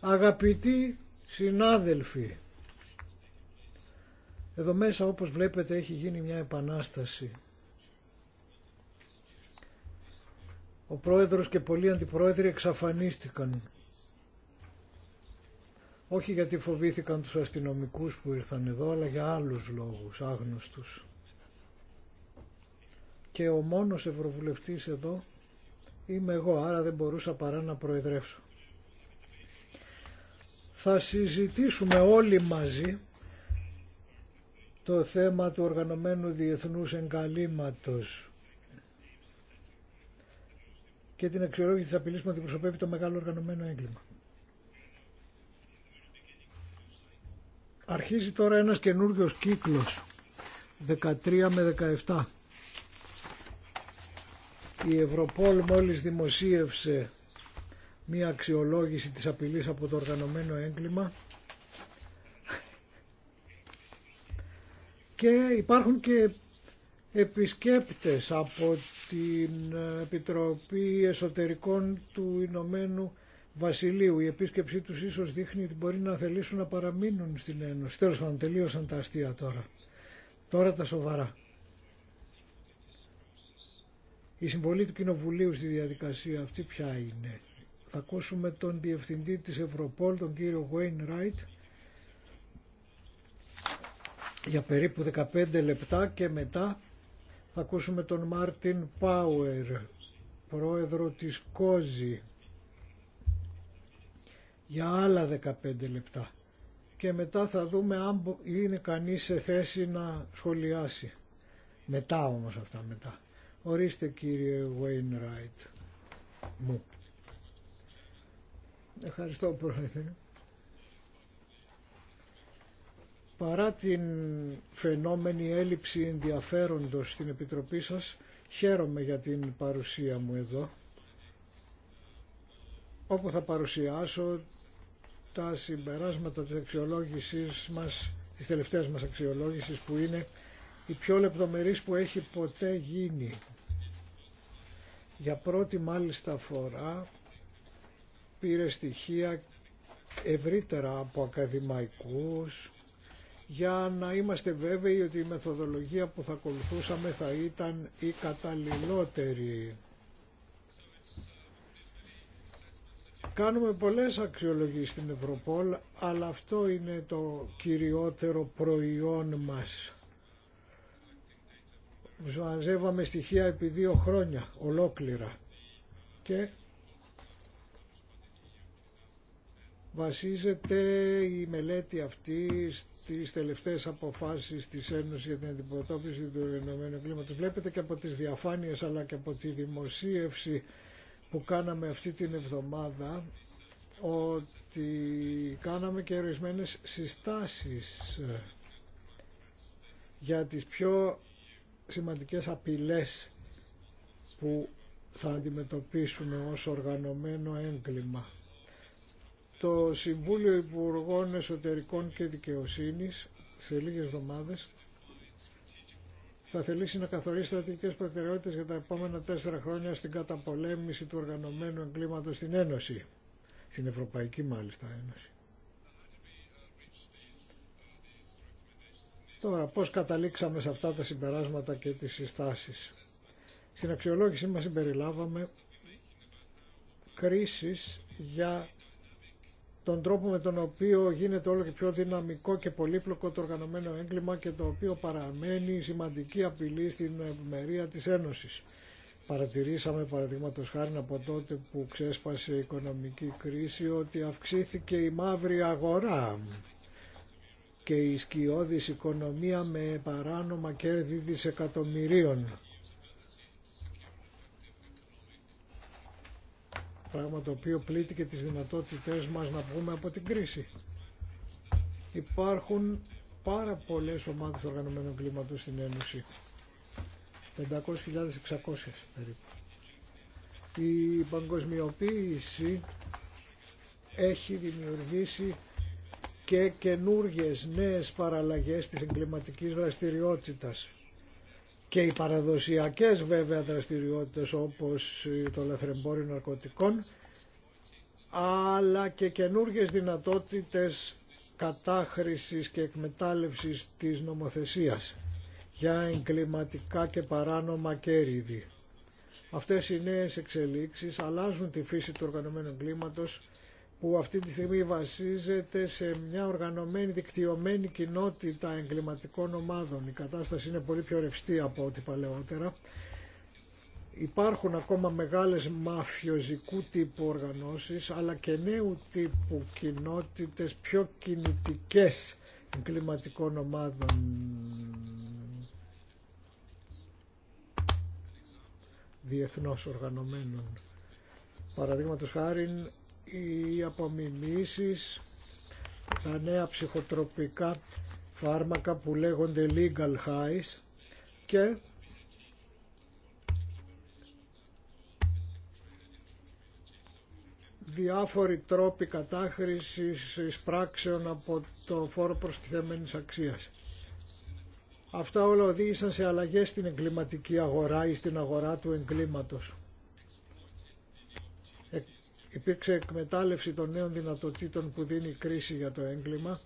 Αγαπητοί συνάδελφοι, εδώ μέσα όπως βλέπετε έχει γίνει μια επανάσταση. Ο πρόεδρος και πολλοί αντιπρόεδροι εξαφανίστηκαν. Όχι γιατί φοβήθηκαν τους αστυνομικούς που ήρθαν εδώ, αλλά για άλλους λόγους, άγνωστους. Και ο μόνος ευρωβουλευτής εδώ είμαι εγώ, άρα δεν μπορούσα παρά να προεδρεύσω θα συζητήσουμε όλοι μαζί το θέμα του οργανωμένου διεθνούς εγκαλήματος και την αξιολόγηση της απειλής που αντιπροσωπεύει το μεγάλο οργανωμένο έγκλημα. Αρχίζει τώρα ένας καινούργιος κύκλος, 13 με 17. Η Ευρωπόλ μόλις δημοσίευσε μία αξιολόγηση της απειλής από το οργανωμένο έγκλημα και υπάρχουν και επισκέπτες από την Επιτροπή Εσωτερικών του Ηνωμένου Βασιλείου. Η επίσκεψή τους ίσως δείχνει ότι μπορεί να θελήσουν να παραμείνουν στην Ένωση. Τέλος πάντων τελείωσαν τα αστεία τώρα. Τώρα τα σοβαρά. Η συμβολή του Κοινοβουλίου στη διαδικασία αυτή ποια είναι. Θα ακούσουμε τον Διευθυντή της Ευρωπόλ, τον κύριο Γουέιν Ράιτ, για περίπου 15 λεπτά και μετά θα ακούσουμε τον Μάρτιν Πάουερ, πρόεδρο της Κόζη, για άλλα 15 λεπτά. Και μετά θα δούμε αν είναι κανείς σε θέση να σχολιάσει. Μετά όμως αυτά μετά. Ορίστε κύριε Wainwright μου. Ευχαριστώ Πρόεδρε. Παρά την φαινόμενη έλλειψη ενδιαφέροντος στην Επιτροπή σας, χαίρομαι για την παρουσία μου εδώ, όπου θα παρουσιάσω τα συμπεράσματα της αξιολόγησης μας, της τελευταίας μας αξιολόγησης που είναι η πιο λεπτομερής που έχει ποτέ γίνει. Για πρώτη μάλιστα φορά πήρε στοιχεία ευρύτερα από ακαδημαϊκούς για να είμαστε βέβαιοι ότι η μεθοδολογία που θα ακολουθούσαμε θα ήταν η καταλληλότερη. Κάνουμε πολλές αξιολογίες στην Ευρωπόλ, αλλά αυτό είναι το κυριότερο προϊόν μας. Μαζεύαμε στοιχεία επί δύο χρόνια ολόκληρα και Βασίζεται η μελέτη αυτή στις τελευταίες αποφάσεις της Ένωσης για την αντιμετώπιση του ενωμένου κλίματος. Βλέπετε και από τις διαφάνειες αλλά και από τη δημοσίευση που κάναμε αυτή την εβδομάδα ότι κάναμε και ορισμένε συστάσεις για τις πιο σημαντικές απειλές που θα αντιμετωπίσουμε ως οργανωμένο έγκλημα. Το Συμβούλιο Υπουργών Εσωτερικών και Δικαιοσύνης σε λίγες εβδομάδες θα θελήσει να καθορίσει στρατηγικές προτεραιότητες για τα επόμενα τέσσερα χρόνια στην καταπολέμηση του οργανωμένου εγκλήματος στην Ένωση, στην Ευρωπαϊκή μάλιστα Ένωση. Τώρα, πώς καταλήξαμε σε αυτά τα συμπεράσματα και τις συστάσεις. Στην αξιολόγηση μας συμπεριλάβαμε κρίσεις για τον τρόπο με τον οποίο γίνεται όλο και πιο δυναμικό και πολύπλοκο το οργανωμένο έγκλημα και το οποίο παραμένει σημαντική απειλή στην ευημερία της Ένωσης. Παρατηρήσαμε παραδείγματο χάρη από τότε που ξέσπασε η οικονομική κρίση ότι αυξήθηκε η μαύρη αγορά και η σκιώδης οικονομία με παράνομα κέρδη δισεκατομμυρίων πράγμα το οποίο πλήττει και τις δυνατότητές μας να βγούμε από την κρίση. Υπάρχουν πάρα πολλές ομάδες οργανωμένων κλίματος στην ενωση 500.600 περίπου. Η παγκοσμιοποίηση έχει δημιουργήσει και καινούργιες νέες παραλλαγές της εγκληματικής δραστηριότητας και οι παραδοσιακές βέβαια δραστηριότητες όπως το λαθρεμπόριο ναρκωτικών αλλά και καινούργιε δυνατότητες κατάχρησης και εκμετάλλευσης της νομοθεσίας για εγκληματικά και παράνομα κέρδη. Αυτές οι νέες εξελίξεις αλλάζουν τη φύση του οργανωμένου εγκλήματος που αυτή τη στιγμή βασίζεται σε μια οργανωμένη δικτυωμένη κοινότητα εγκληματικών ομάδων. Η κατάσταση είναι πολύ πιο ρευστή από ό,τι παλαιότερα. Υπάρχουν ακόμα μεγάλες μαφιοζικού τύπου οργανώσεις, αλλά και νέου τύπου κοινότητες πιο κινητικές εγκληματικών ομάδων. διεθνώς οργανωμένων. Παραδείγματος χάρη οι απομιμήσεις, τα νέα ψυχοτροπικά φάρμακα που λέγονται legal highs και διάφοροι τρόποι κατάχρησης πράξεων από το φόρο προστιθέμενης αξίας. Αυτά όλα οδήγησαν σε αλλαγές στην εγκληματική αγορά ή στην αγορά του εγκλήματος. Υπήρξε εκμετάλλευση των νέων δυνατοτήτων που δίνει η κρίση για το έγκλημα,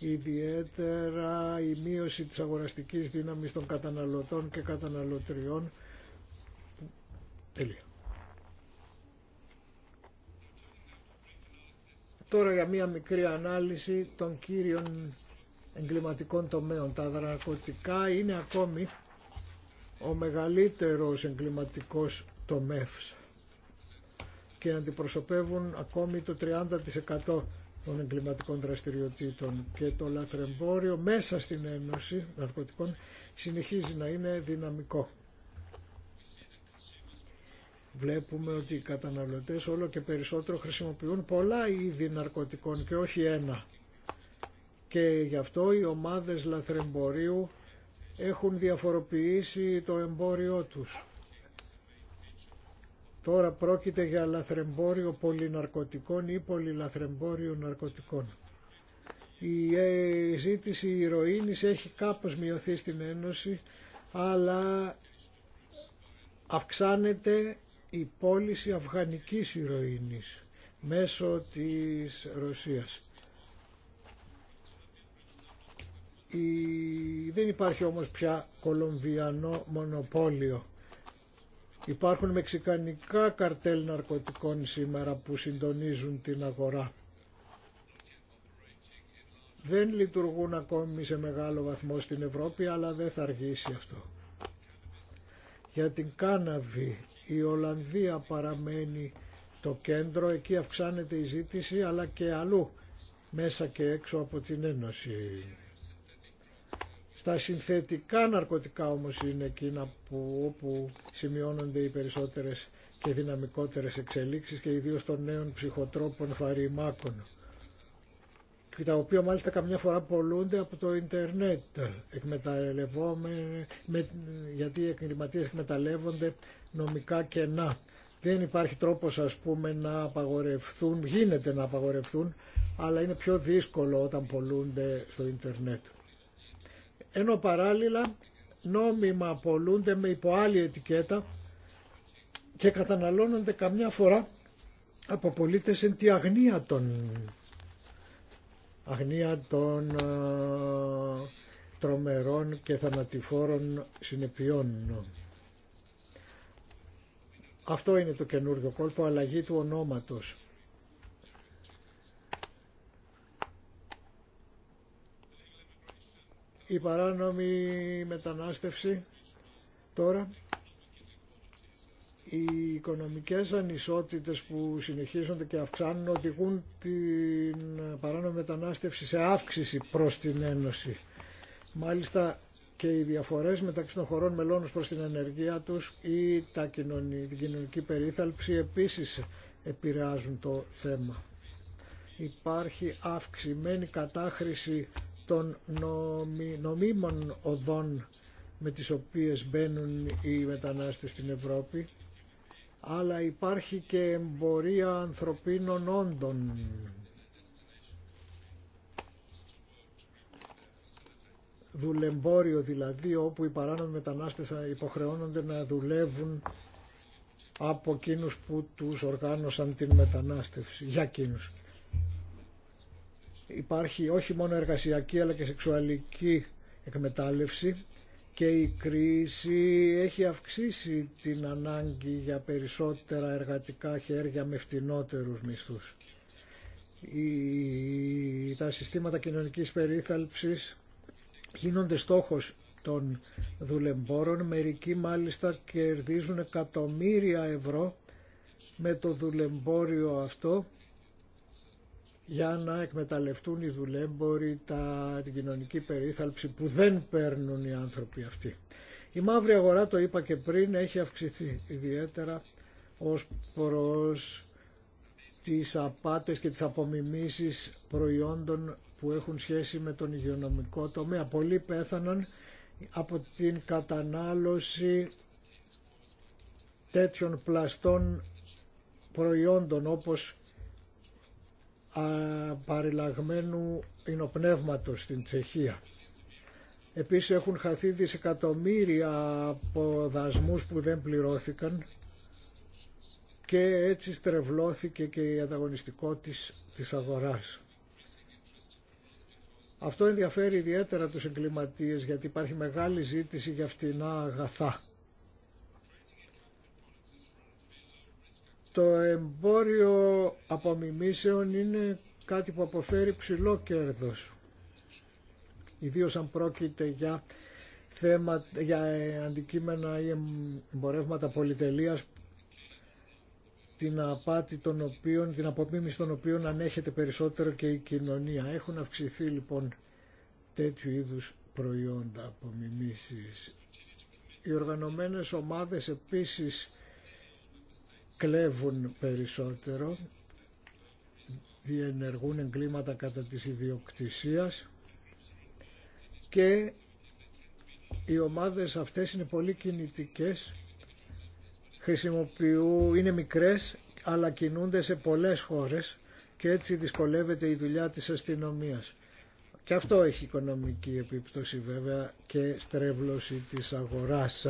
ιδιαίτερα η μείωση της αγοραστικής δύναμης των καταναλωτών και καταναλωτριών. Τελεία. Τώρα για μία μικρή ανάλυση των κύριων εγκληματικών τομέων. Τα δρακωτικά είναι ακόμη ο μεγαλύτερος εγκληματικός τομέας και αντιπροσωπεύουν ακόμη το 30% των εγκληματικών δραστηριοτήτων και το λαθρεμπόριο μέσα στην Ένωση Ναρκωτικών συνεχίζει να είναι δυναμικό. Βλέπουμε ότι οι καταναλωτές όλο και περισσότερο χρησιμοποιούν πολλά είδη ναρκωτικών και όχι ένα. Και γι' αυτό οι ομάδες λαθρεμπορίου έχουν διαφοροποιήσει το εμπόριό τους Τώρα πρόκειται για λαθρεμπόριο πολυναρκωτικών ή πολυλαθρεμπόριο ναρκωτικών. Ε, η ζήτηση ηρωίνης έχει κάπως μειωθεί στην Ένωση, αλλά αυξάνεται η πώληση αφγανικής ηρωίνης μέσω της Ρωσίας. Η... Δεν υπάρχει όμως πια κολομβιανό μονοπόλιο Υπάρχουν μεξικανικά καρτέλ ναρκωτικών σήμερα που συντονίζουν την αγορά. Δεν λειτουργούν ακόμη σε μεγάλο βαθμό στην Ευρώπη, αλλά δεν θα αργήσει αυτό. Για την κάναβη, η Ολλανδία παραμένει το κέντρο, εκεί αυξάνεται η ζήτηση, αλλά και αλλού, μέσα και έξω από την Ένωση. Τα συνθετικά ναρκωτικά όμως είναι εκείνα που, όπου σημειώνονται οι περισσότερες και δυναμικότερες εξελίξεις και ιδίως των νέων ψυχοτρόπων φαρημάκων τα οποία μάλιστα καμιά φορά πολλούνται από το ίντερνετ με, γιατί οι εγκληματίες εκμεταλλεύονται νομικά κενά. Δεν υπάρχει τρόπος ας πούμε να απαγορευθούν, γίνεται να απαγορευθούν, αλλά είναι πιο δύσκολο όταν πολλούνται στο ίντερνετ ενώ παράλληλα νόμιμα πολλούνται με υπό άλλη ετικέτα και καταναλώνονται καμιά φορά από πολίτες εν τη αγνία των ε, τρομερών και θανατηφόρων συνεπειών. Αυτό είναι το καινούργιο κόλπο, αλλαγή του ονόματος. η παράνομη μετανάστευση τώρα οι οικονομικές ανισότητες που συνεχίζονται και αυξάνουν οδηγούν την παράνομη μετανάστευση σε αύξηση προς την Ένωση. Μάλιστα και οι διαφορές μεταξύ των χωρών μελών προς την ενεργεία τους ή τα την κοινωνική περίθαλψη επίσης επηρεάζουν το θέμα. Υπάρχει αυξημένη κατάχρηση των νομίμων οδών με τις οποίες μπαίνουν οι μετανάστες στην Ευρώπη αλλά υπάρχει και εμπορία ανθρωπίνων όντων. Δουλεμπόριο δηλαδή όπου οι παράνομοι μετανάστες υποχρεώνονται να δουλεύουν από εκείνους που τους οργάνωσαν την μετανάστευση, για εκείνους υπάρχει όχι μόνο εργασιακή αλλά και σεξουαλική εκμετάλλευση και η κρίση έχει αυξήσει την ανάγκη για περισσότερα εργατικά χέρια με φτηνότερους μισθούς. τα συστήματα κοινωνικής περίθαλψης γίνονται στόχος των δουλεμπόρων, μερικοί μάλιστα κερδίζουν εκατομμύρια ευρώ με το δουλεμπόριο αυτό για να εκμεταλλευτούν οι δουλέμποροι τα, την κοινωνική περίθαλψη που δεν παίρνουν οι άνθρωποι αυτοί. Η μαύρη αγορά, το είπα και πριν, έχει αυξηθεί ιδιαίτερα ως προς τις απάτες και τις απομιμήσεις προϊόντων που έχουν σχέση με τον υγειονομικό τομέα. Πολλοί πέθαναν από την κατανάλωση τέτοιων πλαστών προϊόντων όπως παρελαγμένου εινοπνεύματος στην Τσεχία. Επίσης έχουν χαθεί δισεκατομμύρια από δασμούς που δεν πληρώθηκαν και έτσι στρεβλώθηκε και η ανταγωνιστικότης της, της αγοράς. Αυτό ενδιαφέρει ιδιαίτερα τους εγκληματίες γιατί υπάρχει μεγάλη ζήτηση για φτηνά αγαθά. Το εμπόριο απομιμήσεων είναι κάτι που αποφέρει ψηλό κέρδος. Ιδίως αν πρόκειται για, θέμα, για ε, αντικείμενα ή εμπορεύματα πολυτελείας την απάτη των οποίων, την απομίμηση των οποίων ανέχεται περισσότερο και η κοινωνία. Έχουν αυξηθεί λοιπόν τέτοιου είδους προϊόντα απομιμήσεις. Οι οργανωμένες ομάδες επίσης κλέβουν περισσότερο, διενεργούν εγκλήματα κατά της ιδιοκτησίας και οι ομάδες αυτές είναι πολύ κινητικές, χρησιμοποιούν, είναι μικρές αλλά κινούνται σε πολλές χώρες και έτσι δυσκολεύεται η δουλειά της αστυνομίας. Και αυτό έχει οικονομική επίπτωση βέβαια και στρέβλωση της αγοράς.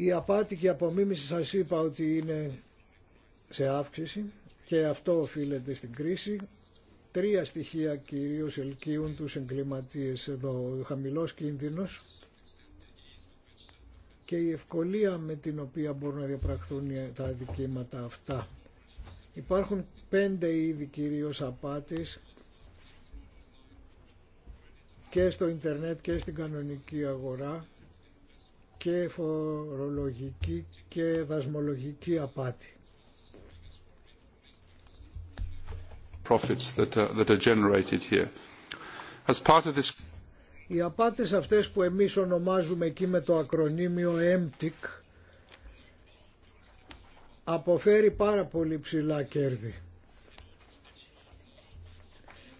Η απάτη και η απομίμηση σας είπα ότι είναι σε αύξηση και αυτό οφείλεται στην κρίση. Τρία στοιχεία κυρίως ελκύουν τους εγκληματίες εδώ. Ο χαμηλός κίνδυνος και η ευκολία με την οποία μπορούν να διαπραχθούν τα αδικήματα αυτά. Υπάρχουν πέντε είδη κυρίως απάτης και στο ίντερνετ και στην κανονική αγορά και φορολογική και δασμολογική απάτη. Οι απάτες αυτές που εμείς ονομάζουμε εκεί με το ακρονίμιο EMTIC αποφέρει πάρα πολύ ψηλά κέρδη.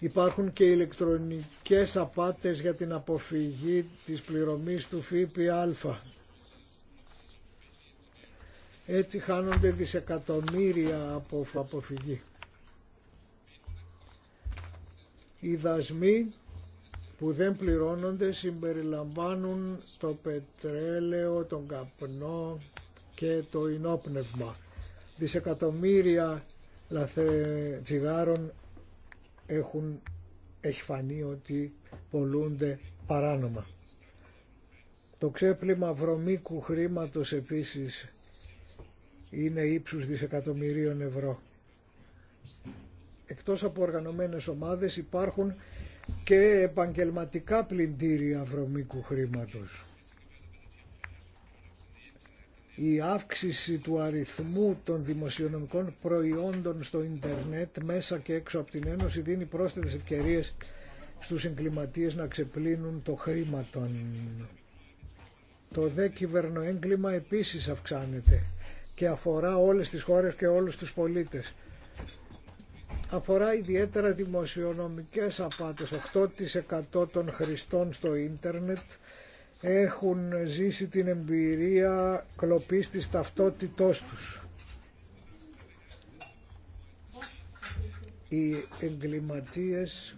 Υπάρχουν και ηλεκτρονικές απάτες για την αποφυγή της πληρωμής του ΦΠΑ. Έτσι χάνονται δισεκατομμύρια από αποφυγή. Οι δασμοί που δεν πληρώνονται συμπεριλαμβάνουν το πετρέλαιο, τον καπνό και το ενόπνευμα. Δισεκατομμύρια λαθε... τσιγάρων έχουν, έχει φανεί ότι πολλούνται παράνομα. Το ξέπλυμα βρωμίκου χρήματος επίσης είναι ύψους δισεκατομμυρίων ευρώ. Εκτός από οργανωμένες ομάδες υπάρχουν και επαγγελματικά πλυντήρια βρωμίκου χρήματος η αύξηση του αριθμού των δημοσιονομικών προϊόντων στο ίντερνετ μέσα και έξω από την Ένωση δίνει πρόσθετες ευκαιρίες στους εγκληματίες να ξεπλύνουν το χρήμα των. Το δε κυβερνοέγκλημα επίσης αυξάνεται και αφορά όλες τις χώρες και όλους τους πολίτες. Αφορά ιδιαίτερα δημοσιονομικές απάτες. 8% των χρηστών στο ίντερνετ έχουν ζήσει την εμπειρία κλοπής της ταυτότητός τους. Οι εγκληματίες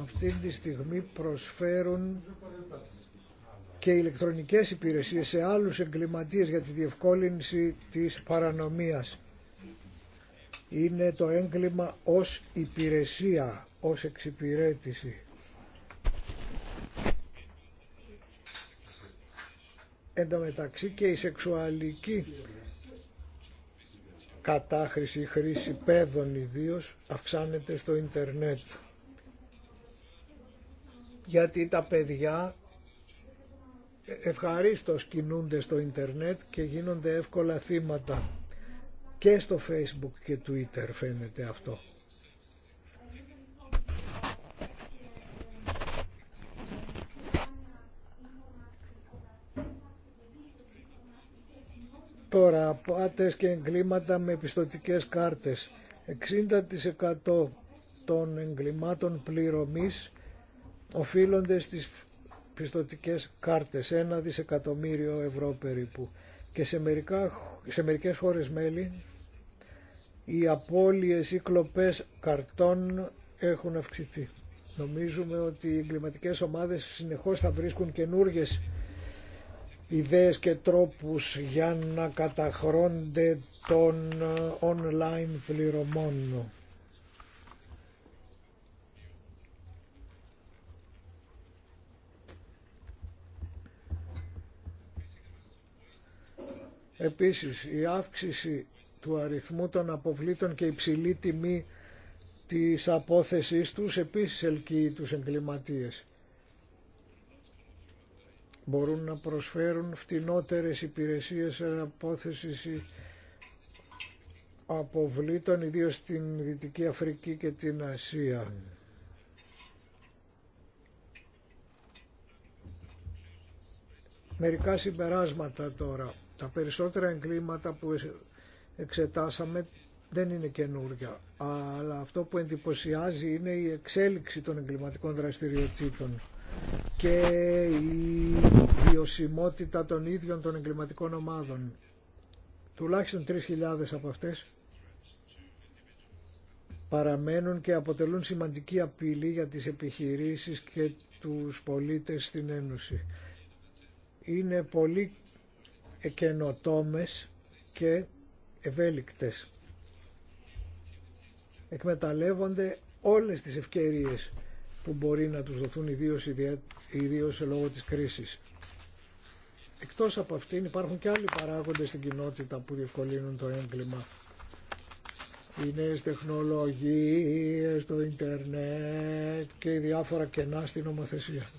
αυτή τη στιγμή προσφέρουν και ηλεκτρονικές υπηρεσίες σε άλλους εγκληματίες για τη διευκόλυνση της παρανομίας. Είναι το έγκλημα ως υπηρεσία, ως εξυπηρέτηση. Εν τω μεταξύ και η σεξουαλική κατάχρηση, χρήση παιδών ιδίω αυξάνεται στο ίντερνετ. Γιατί τα παιδιά ευχαρίστως κινούνται στο ίντερνετ και γίνονται εύκολα θύματα. Και στο facebook και twitter φαίνεται αυτό. και εγκλήματα με πιστοτικές κάρτες. 60% των εγκλημάτων πληρωμής οφείλονται στις πιστοτικές κάρτες, ένα δισεκατομμύριο ευρώ περίπου. Και σε, μερικά, σε μερικές χώρες μέλη οι απώλειες ή κλοπές καρτών έχουν αυξηθεί. Νομίζουμε ότι οι εγκληματικές ομάδες συνεχώς θα βρίσκουν καινούργιες ιδέες και τρόπους για να καταχρώνται των online πληρωμών. Επίσης, η αύξηση του αριθμού των αποβλήτων και υψηλή τιμή της απόθεσής τους επίσης ελκύει τους εγκληματίες μπορούν να προσφέρουν φτηνότερες υπηρεσίες απόθεση αποβλήτων, ιδίως στην Δυτική Αφρική και την Ασία. Μερικά συμπεράσματα τώρα. Τα περισσότερα εγκλήματα που εξετάσαμε δεν είναι καινούρια, αλλά αυτό που εντυπωσιάζει είναι η εξέλιξη των εγκληματικών δραστηριοτήτων και η βιωσιμότητα των ίδιων των εγκληματικών ομάδων. Τουλάχιστον 3.000 από αυτές παραμένουν και αποτελούν σημαντική απειλή για τις επιχειρήσεις και τους πολίτες στην Ένωση. Είναι πολύ καινοτόμες και ευέλικτες. Εκμεταλλεύονται όλες τις ευκαιρίες που μπορεί να τους δοθούν ιδίως, ιδίως λόγω της κρίσης. Εκτός από αυτήν υπάρχουν και άλλοι παράγοντες στην κοινότητα που διευκολύνουν το έγκλημα. Οι νέες τεχνολογίες, το ίντερνετ και οι διάφορα κενά στην νομοθεσία.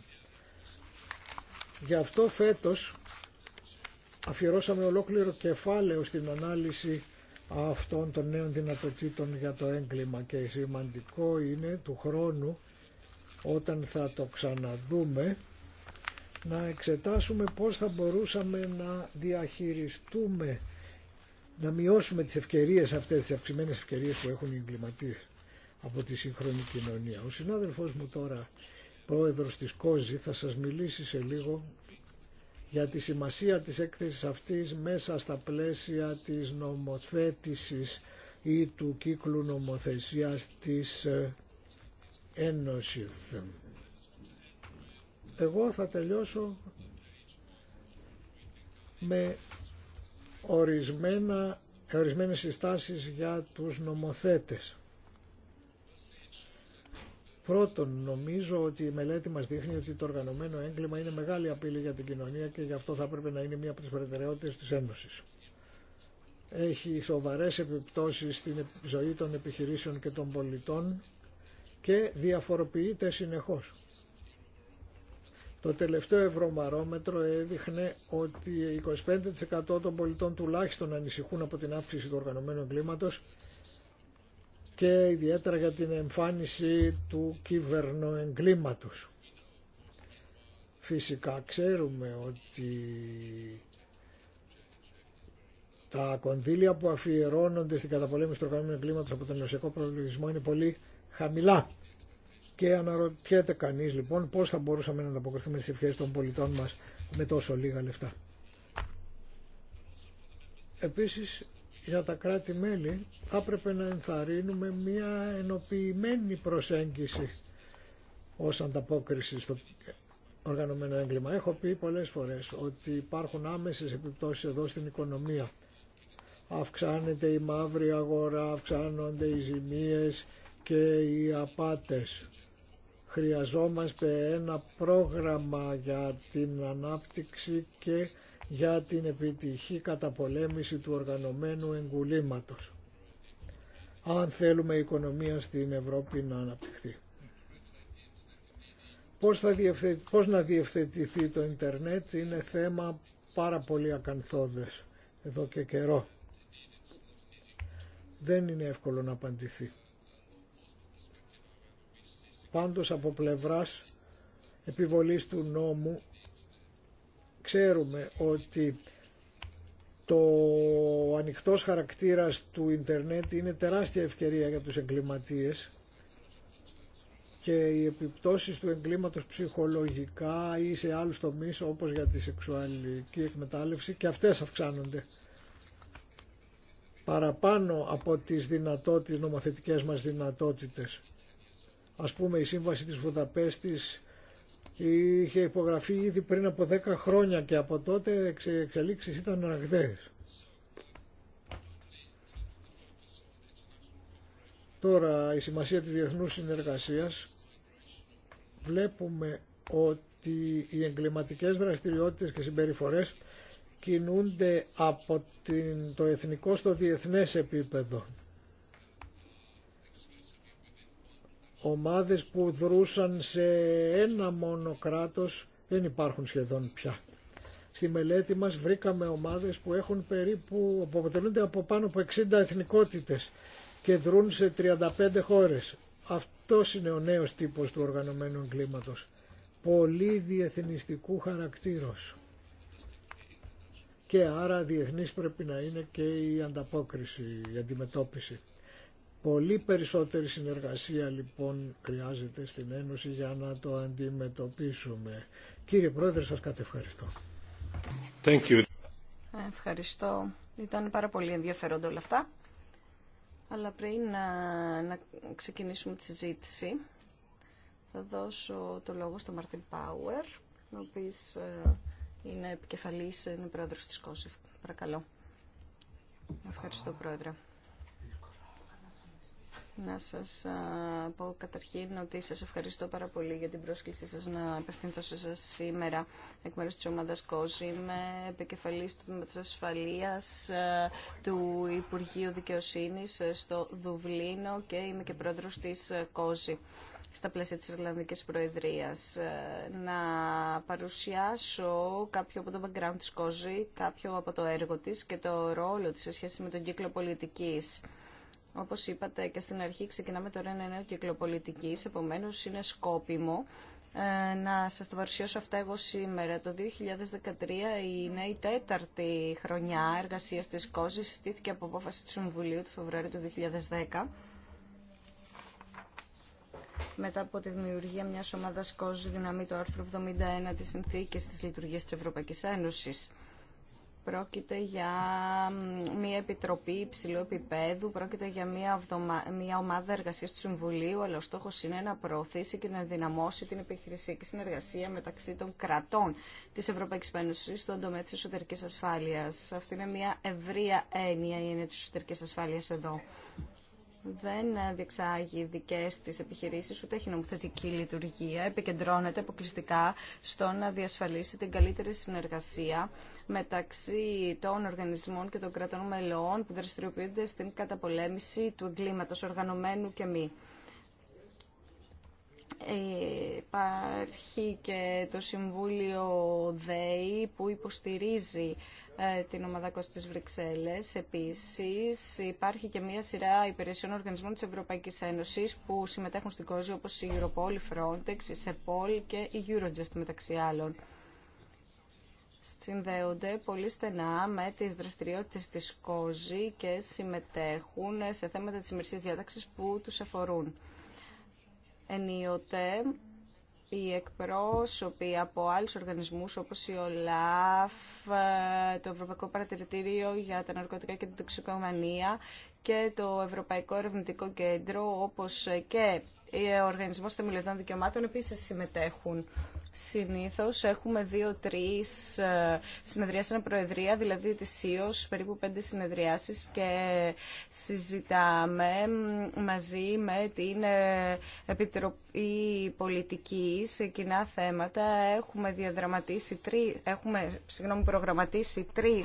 Γι' αυτό φέτος αφιερώσαμε ολόκληρο κεφάλαιο στην ανάλυση αυτών των νέων δυνατοτήτων για το έγκλημα και σημαντικό είναι του χρόνου όταν θα το ξαναδούμε να εξετάσουμε πώς θα μπορούσαμε να διαχειριστούμε να μειώσουμε τις ευκαιρίες αυτές, τις αυξημένες ευκαιρίες που έχουν οι εγκληματίες από τη σύγχρονη κοινωνία. Ο συνάδελφός μου τώρα, πρόεδρος της Κόζη, θα σας μιλήσει σε λίγο για τη σημασία της έκθεσης αυτής μέσα στα πλαίσια της νομοθέτησης ή του κύκλου νομοθεσίας της ε, Ένωσης. Εγώ θα τελειώσω με ορισμένα, ορισμένες συστάσεις για τους νομοθέτες. Πρώτον, νομίζω ότι η μελέτη μας δείχνει ότι το οργανωμένο έγκλημα είναι μεγάλη απειλή για την κοινωνία και γι' αυτό θα πρέπει να είναι μία από τις προτεραιότητες της Ένωσης. Έχει σοβαρές επιπτώσεις στην ζωή των επιχειρήσεων και των πολιτών και διαφοροποιείται συνεχώς. Το τελευταίο ευρωμαρόμετρο έδειχνε ότι 25% των πολιτών τουλάχιστον ανησυχούν από την αύξηση του οργανωμένου εγκλήματος και ιδιαίτερα για την εμφάνιση του κυβερνοεγκλήματος. Φυσικά ξέρουμε ότι τα κονδύλια που αφιερώνονται στην καταπολέμηση του οργανωμένου εγκλήματος από τον νοσιακό προβληματισμό είναι πολύ χαμηλά. Και αναρωτιέται κανείς λοιπόν πώς θα μπορούσαμε να ανταποκριθούμε στις ευχές των πολιτών μας με τόσο λίγα λεφτά. Επίσης για τα κράτη-μέλη θα έπρεπε να ενθαρρύνουμε μια ενοποιημένη προσέγγιση ως ανταπόκριση στο οργανωμένο έγκλημα. Έχω πει πολλές φορές ότι υπάρχουν άμεσες επιπτώσεις εδώ στην οικονομία. Αυξάνεται η μαύρη αγορά, αυξάνονται οι ζημίες, και οι απάτες. Χρειαζόμαστε ένα πρόγραμμα για την ανάπτυξη και για την επιτυχή καταπολέμηση του οργανωμένου εγκουλήματος. Αν θέλουμε η οικονομία στην Ευρώπη να αναπτυχθεί. Πώς, θα πώς να διευθετηθεί το ίντερνετ είναι θέμα πάρα πολύ ακανθόδες εδώ και καιρό. Δεν είναι εύκολο να απαντηθεί. Πάντως από πλευράς επιβολής του νόμου ξέρουμε ότι το ανοιχτός χαρακτήρας του ίντερνετ είναι τεράστια ευκαιρία για τους εγκληματίες και οι επιπτώσεις του εγκλήματος ψυχολογικά ή σε άλλους τομείς όπως για τη σεξουαλική εκμετάλλευση και αυτές αυξάνονται παραπάνω από τις δυνατότητες, νομοθετικές μας δυνατότητες. Ας πούμε η σύμβαση της Βουδαπέστης είχε υπογραφεί ήδη πριν από 10 χρόνια και από τότε οι εξελίξεις ήταν ραγδαίες. Τώρα η σημασία της διεθνούς συνεργασίας βλέπουμε ότι οι εγκληματικές δραστηριότητες και συμπεριφορές κινούνται από το εθνικό στο διεθνές επίπεδο. ομάδες που δρούσαν σε ένα μόνο κράτος δεν υπάρχουν σχεδόν πια. Στη μελέτη μας βρήκαμε ομάδες που έχουν περίπου, αποτελούνται από πάνω από 60 εθνικότητες και δρούν σε 35 χώρες. Αυτό είναι ο νέος τύπος του οργανωμένου κλίματος. Πολύ διεθνιστικού χαρακτήρος. Και άρα διεθνής πρέπει να είναι και η ανταπόκριση, η αντιμετώπιση. Πολύ περισσότερη συνεργασία λοιπόν χρειάζεται στην Ένωση για να το αντιμετωπίσουμε. Κύριε Πρόεδρε, σας κατευχαριστώ. Thank you. Ευχαριστώ. Ήταν πάρα πολύ ενδιαφέροντα όλα αυτά. Αλλά πριν να, να ξεκινήσουμε τη συζήτηση, θα δώσω το λόγο στον Μαρτίν Πάουερ, ο οποίος είναι επικεφαλής, είναι πρόεδρος της Κόσεφ. Παρακαλώ. Ευχαριστώ, Πρόεδρε να σας πω καταρχήν ότι σας ευχαριστώ πάρα πολύ για την πρόσκλησή σας να απευθυνθώ σε σας σήμερα εκ μέρους της ομάδας Κόζη. Είμαι επικεφαλής του Τμήματος Ασφαλείας του Υπουργείου Δικαιοσύνης ε, στο Δουβλίνο και είμαι και πρόεδρος της ε, ΚΟΖΙ στα πλαίσια της Ιρλανδικής Προεδρίας. Ε, να παρουσιάσω κάποιο από το background της ΚΟΖΙ, κάποιο από το έργο της και το ρόλο της σε σχέση με τον κύκλο πολιτικής. Όπως είπατε και στην αρχή, ξεκινάμε τώρα ένα νέο κύκλο πολιτική. επομένω είναι σκόπιμο ε, να σα τα παρουσιάσω αυτά εγώ σήμερα. Το 2013 είναι η τέταρτη χρονιά εργασία τη ΚΟΖΗ, συστήθηκε από απόφαση του Συμβουλίου του Φεβρουαρίου του 2010 μετά από τη δημιουργία μιας ομάδας ΚΟΖΗ δυναμή του άρθρου 71 της Συνθήκη τη Λειτουργία τη Ευρωπαϊκή Ένωση. Πρόκειται για μια επιτροπή υψηλού επίπεδου, πρόκειται για μια, μια ομάδα εργασία του Συμβουλίου, αλλά ο στόχο είναι να προωθήσει και να ενδυναμώσει την επιχειρησιακή συνεργασία μεταξύ των κρατών τη Ευρωπαϊκή Πένωση στον τομέα τη εσωτερική ασφάλεια. Αυτή είναι μια ευρεία έννοια η έννοια τη εσωτερική ασφάλεια εδώ δεν διεξάγει δικές της επιχειρήσεις, ούτε έχει νομοθετική λειτουργία. Επικεντρώνεται αποκλειστικά στο να διασφαλίσει την καλύτερη συνεργασία μεταξύ των οργανισμών και των κρατών μελών που δραστηριοποιούνται στην καταπολέμηση του εγκλήματος οργανωμένου και μη. Υπάρχει και το Συμβούλιο ΔΕΗ που υποστηρίζει ε, την ομάδα τη της Βρυξέλλες. Επίσης υπάρχει και μια σειρά υπηρεσιών οργανισμών της Ευρωπαϊκής Ένωσης που συμμετέχουν στην κόζη όπως η Europol, η Frontex, η Σεπόλ και η Eurojust μεταξύ άλλων συνδέονται πολύ στενά με τις δραστηριότητες της ΚΟΖΗ και συμμετέχουν σε θέματα της ημερησίας διάταξης που τους αφορούν. Ενίοτε, οι εκπρόσωποι από άλλους οργανισμούς όπως η ΟΛΑΦ, το Ευρωπαϊκό Παρατηρητήριο για τα Ναρκωτικά και την Τοξικομανία και το Ευρωπαϊκό Ερευνητικό Κέντρο όπως και ε, ο Οργανισμό Θεμελιωδών Δικαιωμάτων επίση συμμετέχουν. Συνήθω έχουμε δύο-τρει ε, συνεδριάσεις, ένα προεδρία, δηλαδή ετησίω περίπου πέντε συνεδριάσεις και συζητάμε μαζί με την ε, Επιτροπή Πολιτική σε κοινά θέματα. Έχουμε διαδραματίσει τρει, έχουμε συγγνώμη, προγραμματίσει τρει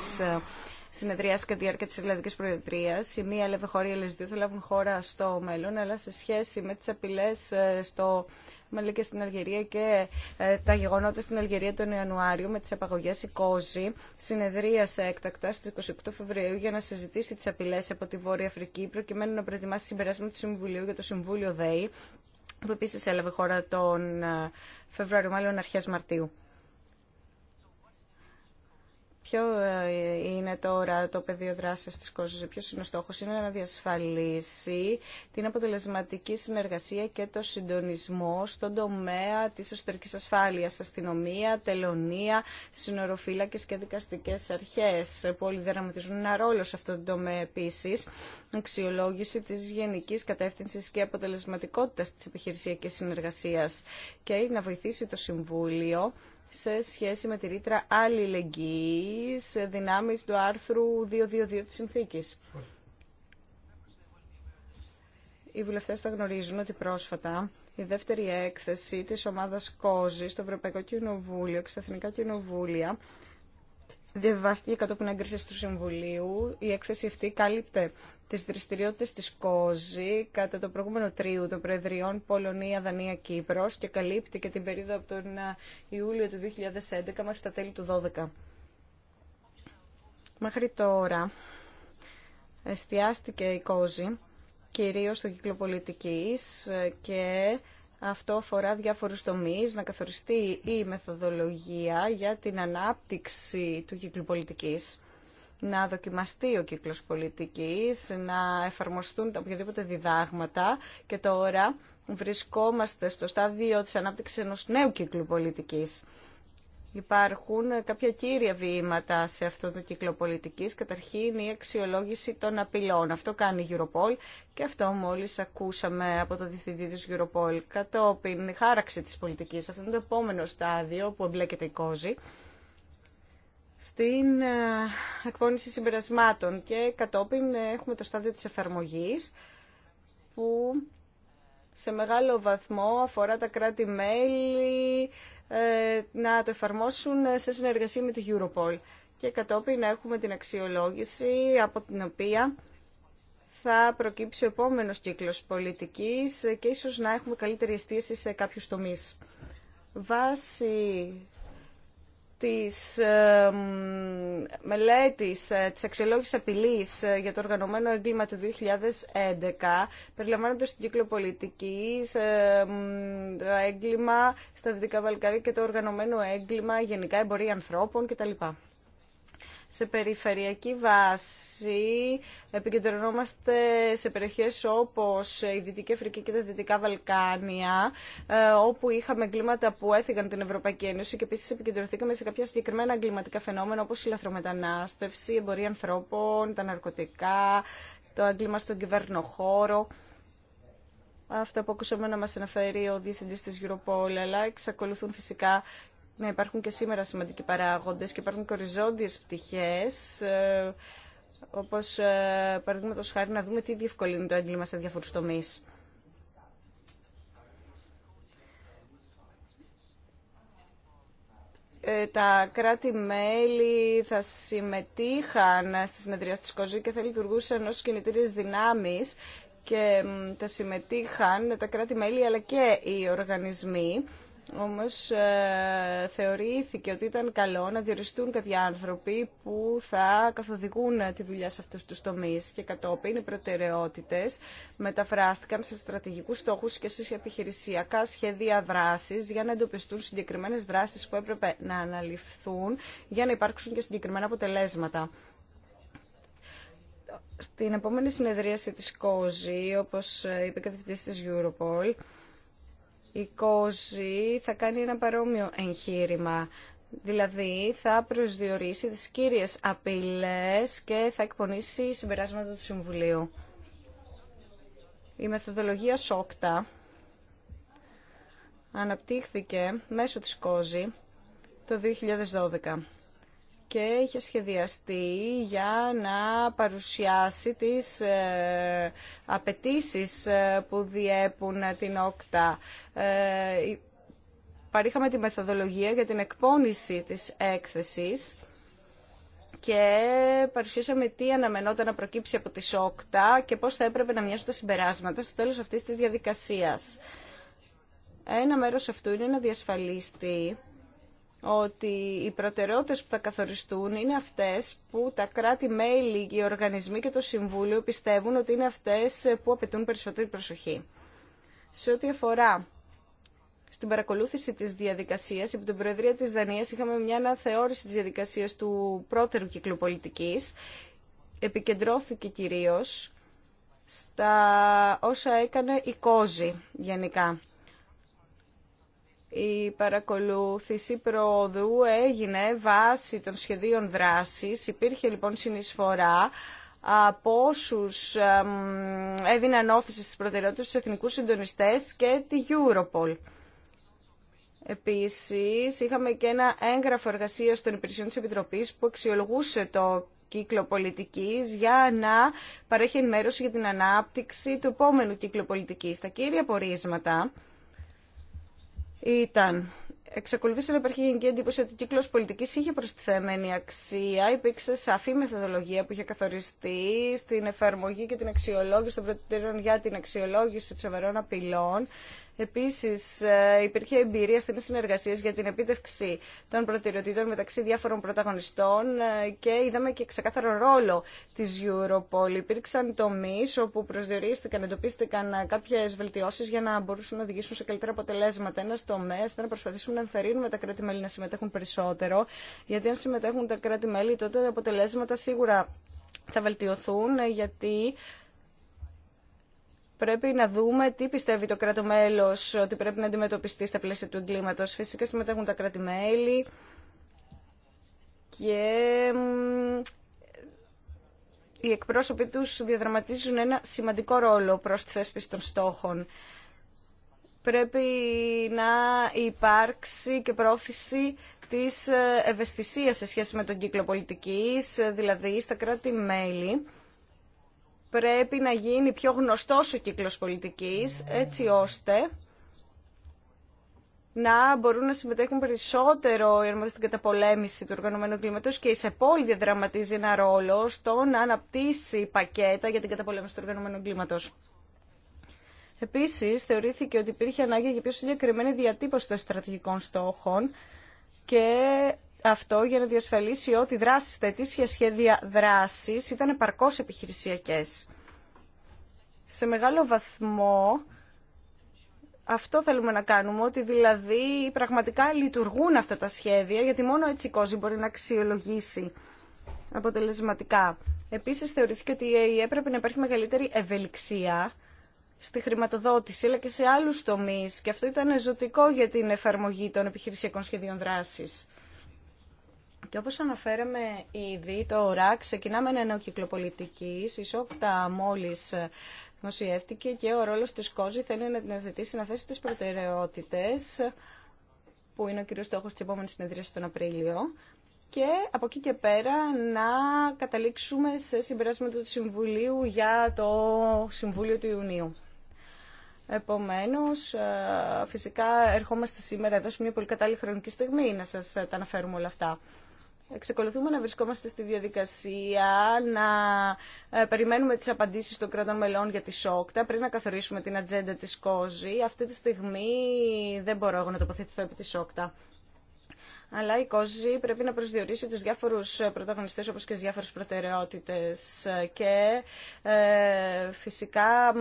συνεδρίας τη διάρκεια της Ιρλανδικής Προεδρίας. Η μία χώρα, οι δύο θα λάβουν χώρα στο μέλλον, αλλά σε σχέση με τις απειλέ ε, στο Μαλί και στην Αλγερία και ε, τα γεγονότα στην Αλγερία τον Ιανουάριο με τις απαγωγές η Κόζη συνεδρίασε έκτακτα στις 28 Φεβρουαρίου για να συζητήσει τις απειλέ από τη Βόρεια Αφρική προκειμένου να προετοιμάσει συμπεράσματα του Συμβουλίου για το Συμβούλιο ΔΕΗ που επίση έλαβε χώρα τον ε, Φεβρουάριο, μάλλον αρχές Μαρτίου. Ποιο ε, είναι τώρα το πεδίο δράση τη ΚΟΖΟ, ποιο είναι ο στόχο, είναι να διασφαλίσει την αποτελεσματική συνεργασία και το συντονισμό στον τομέα τη εσωτερική ασφάλεια, αστυνομία, τελωνία, συνοροφύλακε και δικαστικέ αρχέ, που όλοι δραματίζουν ένα ρόλο σε αυτό το τομέα επίση. Αξιολόγηση τη γενική κατεύθυνση και αποτελεσματικότητα τη επιχειρησιακή συνεργασία και να βοηθήσει το Συμβούλιο σε σχέση με τη ρήτρα αλληλεγγύης δυνάμεις του άρθρου 222 της Συνθήκης. Οι βουλευτές θα γνωρίζουν ότι πρόσφατα η δεύτερη έκθεση της ομάδας Κόζη στο Ευρωπαϊκό Κοινοβούλιο και στα Εθνικά Κοινοβούλια διαβιβάστηκε κατόπιν έγκριση του Συμβουλίου. Η έκθεση αυτή κάλυπτε τις δραστηριότητες της ΚΟΖΗ κατά το προηγούμενο τρίου των Προεδριών Πολωνία, Δανία, Κύπρος και καλύπτει και την περίοδο από τον ε, Ιούλιο του 2011 μέχρι τα τέλη του 2012. Μέχρι τώρα εστιάστηκε η ΚΟΖΗ κυρίως στο κύκλο πολιτικής ε, και αυτό αφορά διάφορους τομείς, να καθοριστεί η μεθοδολογία για την ανάπτυξη του κύκλου πολιτικής, να δοκιμαστεί ο κύκλος πολιτικής, να εφαρμοστούν τα οποιαδήποτε διδάγματα και τώρα βρισκόμαστε στο στάδιο της ανάπτυξης ενός νέου κύκλου πολιτικής. Υπάρχουν κάποια κύρια βήματα σε αυτό το κύκλο πολιτικής. Καταρχήν η αξιολόγηση των απειλών. Αυτό κάνει η Europol και αυτό μόλις ακούσαμε από το διευθυντή της Europol. Κατόπιν η χάραξη της πολιτικής. Αυτό είναι το επόμενο στάδιο που εμπλέκεται η κόζη στην ε, εκπόνηση συμπερασμάτων και κατόπιν ε, έχουμε το στάδιο της εφαρμογής που σε μεγάλο βαθμό αφορά τα κράτη-μέλη, ε, να το εφαρμόσουν σε συνεργασία με τη Europol και κατόπιν να έχουμε την αξιολόγηση από την οποία θα προκύψει ο επόμενος κύκλος πολιτικής και ίσως να έχουμε καλύτερη εστίαση σε κάποιους τομείς. Βάσει της ε, μελέτης ε, της αξιολόγησης απειλής ε, για το οργανωμένο έγκλημα του 2011 περιλαμβάνοντας την κύκλο πολιτικής, το έγκλημα στα Δυτικά Βαλκάρια και το οργανωμένο έγκλημα γενικά εμπορία ανθρώπων κτλ σε περιφερειακή βάση επικεντρωνόμαστε σε περιοχές όπως η Δυτική Αφρική και τα Δυτικά Βαλκάνια, ε, όπου είχαμε εγκλήματα που έφυγαν την Ευρωπαϊκή Ένωση και επίσης επικεντρωθήκαμε σε κάποια συγκεκριμένα εγκληματικά φαινόμενα όπως η λαθρομετανάστευση, η εμπορία ανθρώπων, τα ναρκωτικά, το έγκλημα στον κυβερνοχώρο. Αυτά που ακούσαμε να μας αναφέρει ο Διευθυντής της Europol, αλλά εξακολουθούν φυσικά ναι, υπάρχουν και σήμερα σημαντικοί παράγοντες και υπάρχουν και οριζόντιες πτυχές, ε, όπως ε, παραδείγματο χάρη να δούμε τι διευκολύνει το έγκλημα σε διάφορους τομείς. Ε, τα κράτη-μέλη θα συμμετείχαν στις συνεδρία της ΚΟΖΗ και θα λειτουργούσαν ως κινητήριες δυνάμεις και θα συμμετείχαν τα κράτη-μέλη αλλά και οι οργανισμοί όμως ε, θεωρήθηκε ότι ήταν καλό να διοριστούν κάποιοι άνθρωποι που θα καθοδηγούν τη δουλειά σε αυτούς τους τομείς και κατόπιν οι προτεραιότητες μεταφράστηκαν σε στρατηγικούς στόχους και σε επιχειρησιακά σχέδια δράσης για να εντοπιστούν συγκεκριμένες δράσεις που έπρεπε να αναλυφθούν για να υπάρξουν και συγκεκριμένα αποτελέσματα. Στην επόμενη συνεδρίαση της ΚΟΖΗ, όπως είπε η της Europol, η ΚΟΖΗ θα κάνει ένα παρόμοιο εγχείρημα. Δηλαδή θα προσδιορίσει τις κύριες απειλές και θα εκπονήσει συμπεράσματα του Συμβουλίου. Η μεθοδολογία ΣΟΚΤΑ αναπτύχθηκε μέσω της ΚΟΖΗ το 2012 και είχε σχεδιαστεί για να παρουσιάσει τις ε, ε που διέπουν την ΟΚΤΑ. Ε, παρήχαμε τη μεθοδολογία για την εκπόνηση της έκθεσης και παρουσιάσαμε τι αναμενόταν να προκύψει από τη ΣΟΚΤΑ και πώς θα έπρεπε να μοιάσουν τα συμπεράσματα στο τέλος αυτής της διαδικασίας. Ένα μέρος αυτού είναι να διασφαλίστη ότι οι προτεραιότητες που θα καθοριστούν είναι αυτές που τα κράτη-μέλη, οι οργανισμοί και το Συμβούλιο πιστεύουν ότι είναι αυτές που απαιτούν περισσότερη προσοχή. Σε ό,τι αφορά στην παρακολούθηση της διαδικασίας, υπό την Προεδρία της Δανίας είχαμε μια αναθεώρηση της διαδικασίας του πρώτερου κύκλου πολιτικής. Επικεντρώθηκε κυρίως στα όσα έκανε η Κόζη γενικά η παρακολούθηση προόδου έγινε βάσει των σχεδίων δράσης. Υπήρχε λοιπόν συνεισφορά από όσου έδιναν όθηση στις προτεραιότητες στους εθνικούς συντονιστές και τη Europol. Επίσης, είχαμε και ένα έγγραφο εργασίας των υπηρεσιών της Επιτροπής που αξιολογούσε το κύκλο πολιτικής για να παρέχει ενημέρωση για την ανάπτυξη του επόμενου κύκλου πολιτικής. Τα κύρια πορίσματα ήταν εξακολουθήσε να υπάρχει γενική εντύπωση ότι ο κύκλο πολιτική είχε προστιθέμενη αξία. Υπήρξε σαφή μεθοδολογία που είχε καθοριστεί στην εφαρμογή και την αξιολόγηση των προτεραιών για την αξιολόγηση των σοβαρών απειλών Επίση, ε, υπήρχε εμπειρία στις συνεργασία για την επίτευξη των προτεραιοτήτων μεταξύ διάφορων πρωταγωνιστών ε, και είδαμε και ξεκάθαρο ρόλο της Europol. Υπήρξαν τομεί όπου προσδιορίστηκαν, εντοπίστηκαν ε, κάποιε βελτιώσει για να μπορούσαν να οδηγήσουν σε καλύτερα αποτελέσματα. Ένα τομέα ήταν να προσπαθήσουν να ενθαρρύνουμε τα κράτη-μέλη να συμμετέχουν περισσότερο, γιατί αν συμμετέχουν τα κράτη-μέλη τότε τα αποτελέσματα σίγουρα θα βελτιωθούν, γιατί πρέπει να δούμε τι πιστεύει το κράτο μέλος ότι πρέπει να αντιμετωπιστεί στα πλαίσια του εγκλήματος. Φυσικά συμμετέχουν τα κράτη-μέλη και οι εκπρόσωποι τους διαδραματίζουν ένα σημαντικό ρόλο προς τη θέσπιση των στόχων. Πρέπει να υπάρξει και πρόθεση της ε, ευαισθησίας σε σχέση με τον κύκλο πολιτικής, ε, δηλαδή στα κράτη-μέλη πρέπει να γίνει πιο γνωστός ο κύκλος πολιτικής, έτσι ώστε να μπορούν να συμμετέχουν περισσότερο οι στην καταπολέμηση του οργανωμένου κλίματος και η ΣΕΠΟΛ διαδραματίζει ένα ρόλο στο να αναπτύσσει πακέτα για την καταπολέμηση του οργανωμένου κλίματος. Επίσης, θεωρήθηκε ότι υπήρχε ανάγκη για πιο συγκεκριμένη διατύπωση των στρατηγικών στόχων και αυτό για να διασφαλίσει ότι οι δράσει, τα ετήσια σχέδια δράση ήταν επαρκώ επιχειρησιακέ. Σε μεγάλο βαθμό αυτό θέλουμε να κάνουμε, ότι δηλαδή πραγματικά λειτουργούν αυτά τα σχέδια, γιατί μόνο έτσι η κόζη μπορεί να αξιολογήσει αποτελεσματικά. Επίση, θεωρήθηκε ότι η ΕΕ έπρεπε να υπάρχει μεγαλύτερη ευελιξία στη χρηματοδότηση, αλλά και σε άλλου τομεί. και αυτό ήταν ζωτικό για την εφαρμογή των επιχειρησιακών σχεδίων δράση. Και όπως αναφέραμε ήδη, ξεκινά με ένα νεοκυκλοπολιτικής, η ΣΟΚΤΑ μόλις δημοσιεύτηκε και ο ρόλος της ΚΟΖΗ θέλει να την εθετήσει να θέσει τις προτεραιότητες, που είναι ο κύριος στόχος της επόμενης συνεδρίας τον Απρίλιο, και από εκεί και πέρα να καταλήξουμε σε συμπεράσματα του Συμβουλίου για το Συμβούλιο του Ιουνίου. Επομένως, ε, φυσικά ερχόμαστε σήμερα εδώ σε μια πολύ κατάλληλη χρονική στιγμή να σας τα αναφέρουμε όλα αυτά. Εξακολουθούμε να βρισκόμαστε στη διαδικασία να ε, περιμένουμε τις απαντήσεις των κρατών μελών για τη ΣΟΚΤΑ πριν να καθορίσουμε την ατζέντα της ΚΟΖΗ. Αυτή τη στιγμή δεν μπορώ εγώ να τοποθετηθώ επί της ΣΟΚΤΑ αλλά η ΚΟΖΗ πρέπει να προσδιορίσει τους διάφορους πρωταγωνιστές όπως και τις διάφορες προτεραιότητες και ε, φυσικά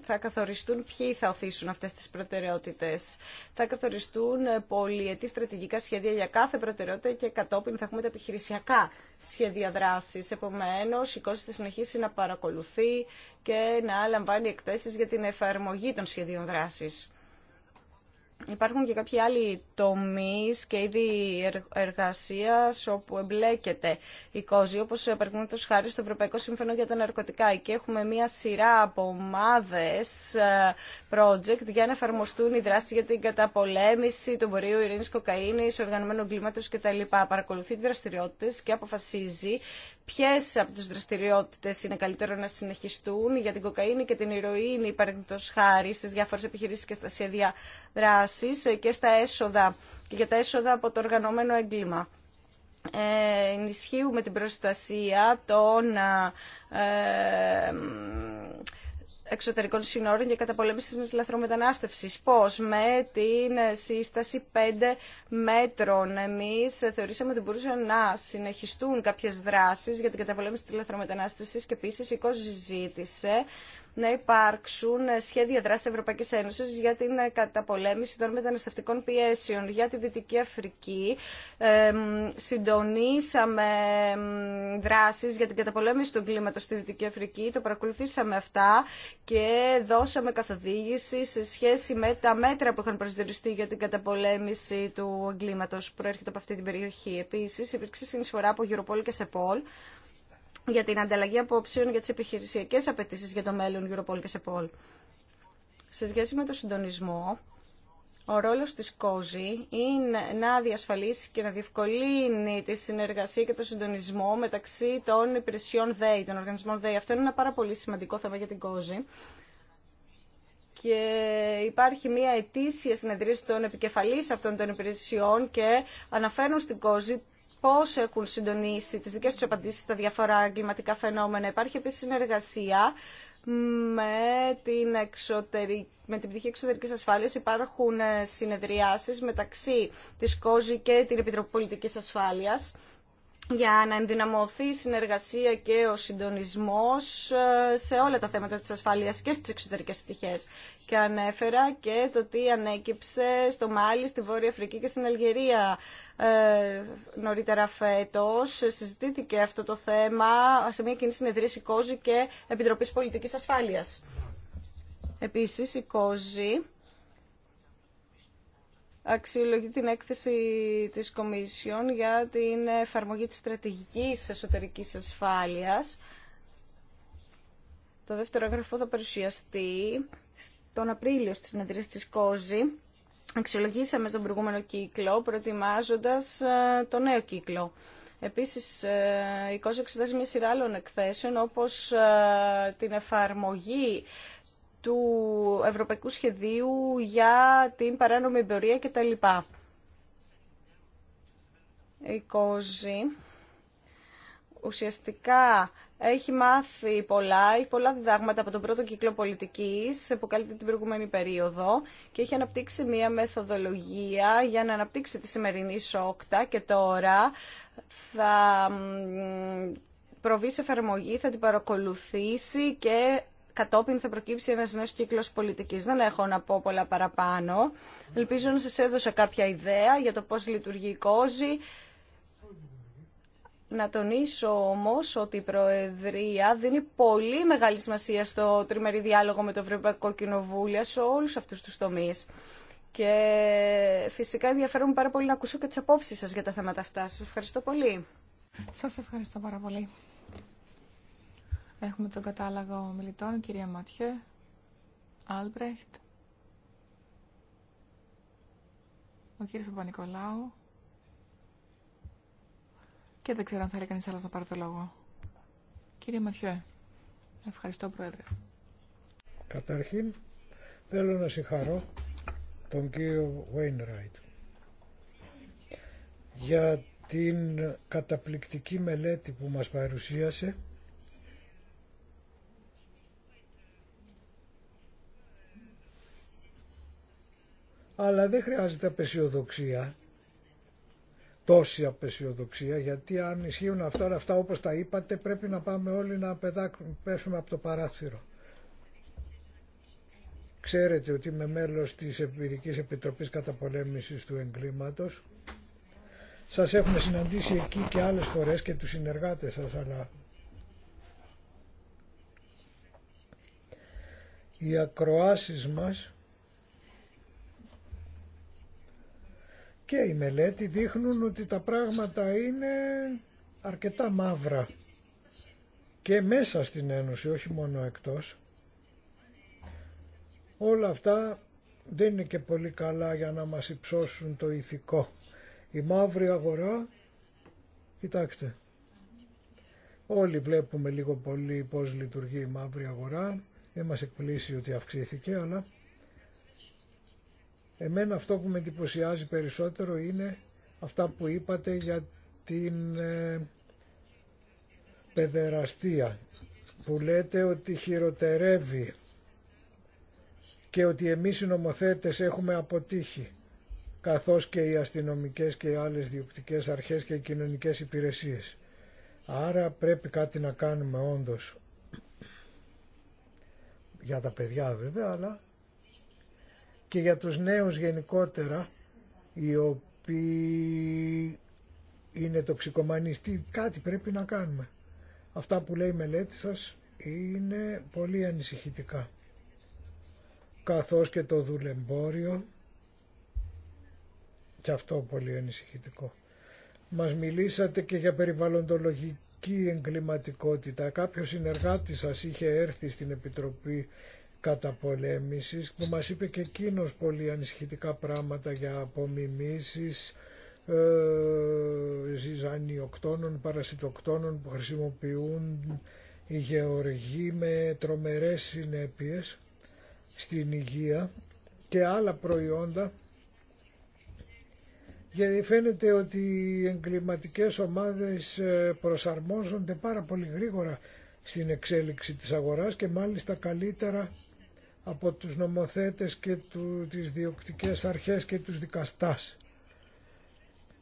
θα καθοριστούν ποιοι θα οθήσουν αυτές τις προτεραιότητες. Θα καθοριστούν πολυετή στρατηγικά σχέδια για κάθε προτεραιότητα και κατόπιν θα έχουμε τα επιχειρησιακά σχέδια δράσης. Επομένως, η ΚΟΖΗ θα συνεχίσει να παρακολουθεί και να λαμβάνει εκθέσεις για την εφαρμογή των σχεδίων δράσης. Υπάρχουν και κάποιοι άλλοι τομείς και είδη εργασίας όπου εμπλέκεται η κόζη, όπως ε, το χάρη στο Ευρωπαϊκό Σύμφωνο για τα Ναρκωτικά. Εκεί έχουμε μία σειρά από ομάδες ε, project για να εφαρμοστούν οι δράσεις για την καταπολέμηση του εμπορίου ειρήνης κοκαίνης, οργανωμένου εγκλήματος κτλ. Παρακολουθεί δραστηριότητες και αποφασίζει Ποιε από τι δραστηριότητες είναι καλύτερο να συνεχιστούν για την κοκαίνη και την ηρωίνη παραδείγματο χάρη στι διάφορες επιχειρήσεις και στα σχέδια δράση και στα έσοδα και για τα έσοδα από το οργανωμένο έγκλημα. Ε, ενισχύουμε την προστασία των ε, εξωτερικών συνόρων για καταπολέμηση της λαθρομετανάστευσης. Πώς? Με την σύσταση 5 μέτρων. Εμείς θεωρήσαμε ότι μπορούσαν να συνεχιστούν κάποιες δράσεις για την καταπολέμηση της λαθρομετανάστευσης και επίσης η ΚΟΣ ζήτησε να υπάρξουν σχέδια δράση Ευρωπαϊκής Ένωσης για την καταπολέμηση των μεταναστευτικών πιέσεων για τη Δυτική Αφρική. συντονίσαμε δράσεις για την καταπολέμηση του κλίματος στη Δυτική Αφρική, το παρακολουθήσαμε αυτά και δώσαμε καθοδήγηση σε σχέση με τα μέτρα που είχαν προσδιοριστεί για την καταπολέμηση του εγκλήματος που προέρχεται από αυτή την περιοχή. Επίσης, υπήρξε συνεισφορά από Europol και Σεπόλ για την ανταλλαγή απόψεων για τι επιχειρησιακέ απαιτήσει για το μέλλον Europol και ΣΕΠΟΛ. Σε σχέση με το συντονισμό, ο ρόλος της ΚΟΖΗ είναι να διασφαλίσει και να διευκολύνει τη συνεργασία και το συντονισμό μεταξύ των υπηρεσιών ΔΕΗ, των οργανισμών ΔΕΗ. Αυτό είναι ένα πάρα πολύ σημαντικό θέμα για την ΚΟΖΗ. Και υπάρχει μια ετήσια συνεδρίαση των επικεφαλής αυτών των υπηρεσιών και αναφέρουν στην ΚΟΖΗ Πώ έχουν συντονίσει τι δικέ του απαντήσει στα διαφορά κλιματικά φαινόμενα. Υπάρχει επίση συνεργασία με την, εξωτερική, με την πτυχή εξωτερικής ασφάλειας υπάρχουν συνεδριάσεις μεταξύ της ΚΟΖΙ και την Επιτροπή Πολιτικής Ασφάλειας για να ενδυναμωθεί η συνεργασία και ο συντονισμός ε, σε όλα τα θέματα της ασφαλείας και στις εξωτερικές πτυχές. Και ανέφερα και το τι ανέκυψε στο Μάλι, στη Βόρεια Αφρική και στην Αλγερία ε, νωρίτερα φέτος. Συζητήθηκε αυτό το θέμα σε μια κοινή συνεδρίαση ΚΟΖΗ και Επιτροπής Πολιτικής Ασφάλειας. Επίσης, η αξιολογεί την έκθεση της Κομισιόν για την εφαρμογή της στρατηγικής εσωτερικής ασφάλειας. Το δεύτερο έγγραφο θα παρουσιαστεί τον Απρίλιο στις συνεδρίες της ΚΟΖΗ. Αξιολογήσαμε τον προηγούμενο κύκλο, προετοιμάζοντας ε, το νέο κύκλο. Επίσης, ε, η ΚΟΖΗ εξετάζει μια σειρά άλλων εκθέσεων, όπως ε, την εφαρμογή του Ευρωπαϊκού Σχεδίου για την παράνομη εμπειρία κτλ. Η Κόζη ουσιαστικά έχει μάθει πολλά, έχει πολλά διδάγματα από τον πρώτο κύκλο πολιτικής που καλύπτει την προηγούμενη περίοδο και έχει αναπτύξει μία μεθοδολογία για να αναπτύξει τη σημερινή σόκτα και τώρα θα προβεί σε εφαρμογή, θα την παρακολουθήσει και κατόπιν θα προκύψει ένας νέος κύκλος πολιτικής. Δεν έχω να πω πολλά παραπάνω. Ελπίζω να σας έδωσα κάποια ιδέα για το πώς λειτουργεί η κόζη. Να τονίσω όμως ότι η Προεδρία δίνει πολύ μεγάλη σημασία στο τριμερή διάλογο με το Ευρωπαϊκό Κοινοβούλιο σε όλους αυτούς τους τομείς. Και φυσικά ενδιαφέρομαι πάρα πολύ να ακούσω και τις απόψεις σας για τα θέματα αυτά. Σας ευχαριστώ πολύ. Σας ευχαριστώ πάρα πολύ. Έχουμε τον κατάλογο μιλητών, κυρία Ματιέ, Άλμπρεχτ, ο κύριος Παπα-Νικολάου και δεν ξέρω αν θέλει κανείς άλλο να πάρει το λόγο. Κύριε Ματιέ, ευχαριστώ Πρόεδρε. Καταρχήν θέλω να συγχαρώ τον κύριο Βέινράιτ για την καταπληκτική μελέτη που μας παρουσίασε Αλλά δεν χρειάζεται απεσιοδοξία, τόση απεσιοδοξία, γιατί αν ισχύουν αυτά αυτά όπως τα είπατε πρέπει να πάμε όλοι να πέσουμε από το παράθυρο. Ξέρετε ότι είμαι μέλος της επιρικής Επιτροπής Καταπολέμησης του Εγκλήματος. Σας έχουμε συναντήσει εκεί και άλλες φορές και τους συνεργάτες σας, αλλά οι ακροάσεις μας και οι μελέτη δείχνουν ότι τα πράγματα είναι αρκετά μαύρα και μέσα στην Ένωση, όχι μόνο εκτός. Όλα αυτά δεν είναι και πολύ καλά για να μας υψώσουν το ηθικό. Η μαύρη αγορά, κοιτάξτε, όλοι βλέπουμε λίγο πολύ πώς λειτουργεί η μαύρη αγορά, δεν μας εκπλήσει ότι αυξήθηκε, αλλά Εμένα αυτό που με εντυπωσιάζει περισσότερο είναι αυτά που είπατε για την ε, παιδεραστία που λέτε ότι χειροτερεύει και ότι εμείς οι νομοθέτες έχουμε αποτύχει καθώς και οι αστυνομικές και οι άλλες διοκτικές αρχές και οι κοινωνικές υπηρεσίες. Άρα πρέπει κάτι να κάνουμε όντως για τα παιδιά βέβαια, αλλά και για τους νέους γενικότερα οι οποίοι είναι τοξικομανιστή, κάτι πρέπει να κάνουμε. Αυτά που λέει η μελέτη σας είναι πολύ ανησυχητικά. Καθώς και το δουλεμπόριο και αυτό πολύ ανησυχητικό. Μας μιλήσατε και για περιβαλλοντολογική εγκληματικότητα. Κάποιος συνεργάτης σας είχε έρθει στην Επιτροπή καταπολέμησης που μας είπε και εκείνος πολύ ανησυχητικά πράγματα για απομιμήσεις ε, ζυζανιοκτώνων, παρασιτοκτώνων που χρησιμοποιούν οι γεωργοί με τρομερές συνέπειες στην υγεία και άλλα προϊόντα γιατί φαίνεται ότι οι εγκληματικές ομάδες ε, προσαρμόζονται πάρα πολύ γρήγορα στην εξέλιξη της αγοράς και μάλιστα καλύτερα από τους νομοθέτες και του, τις διοκτικές αρχές και τους δικαστάς.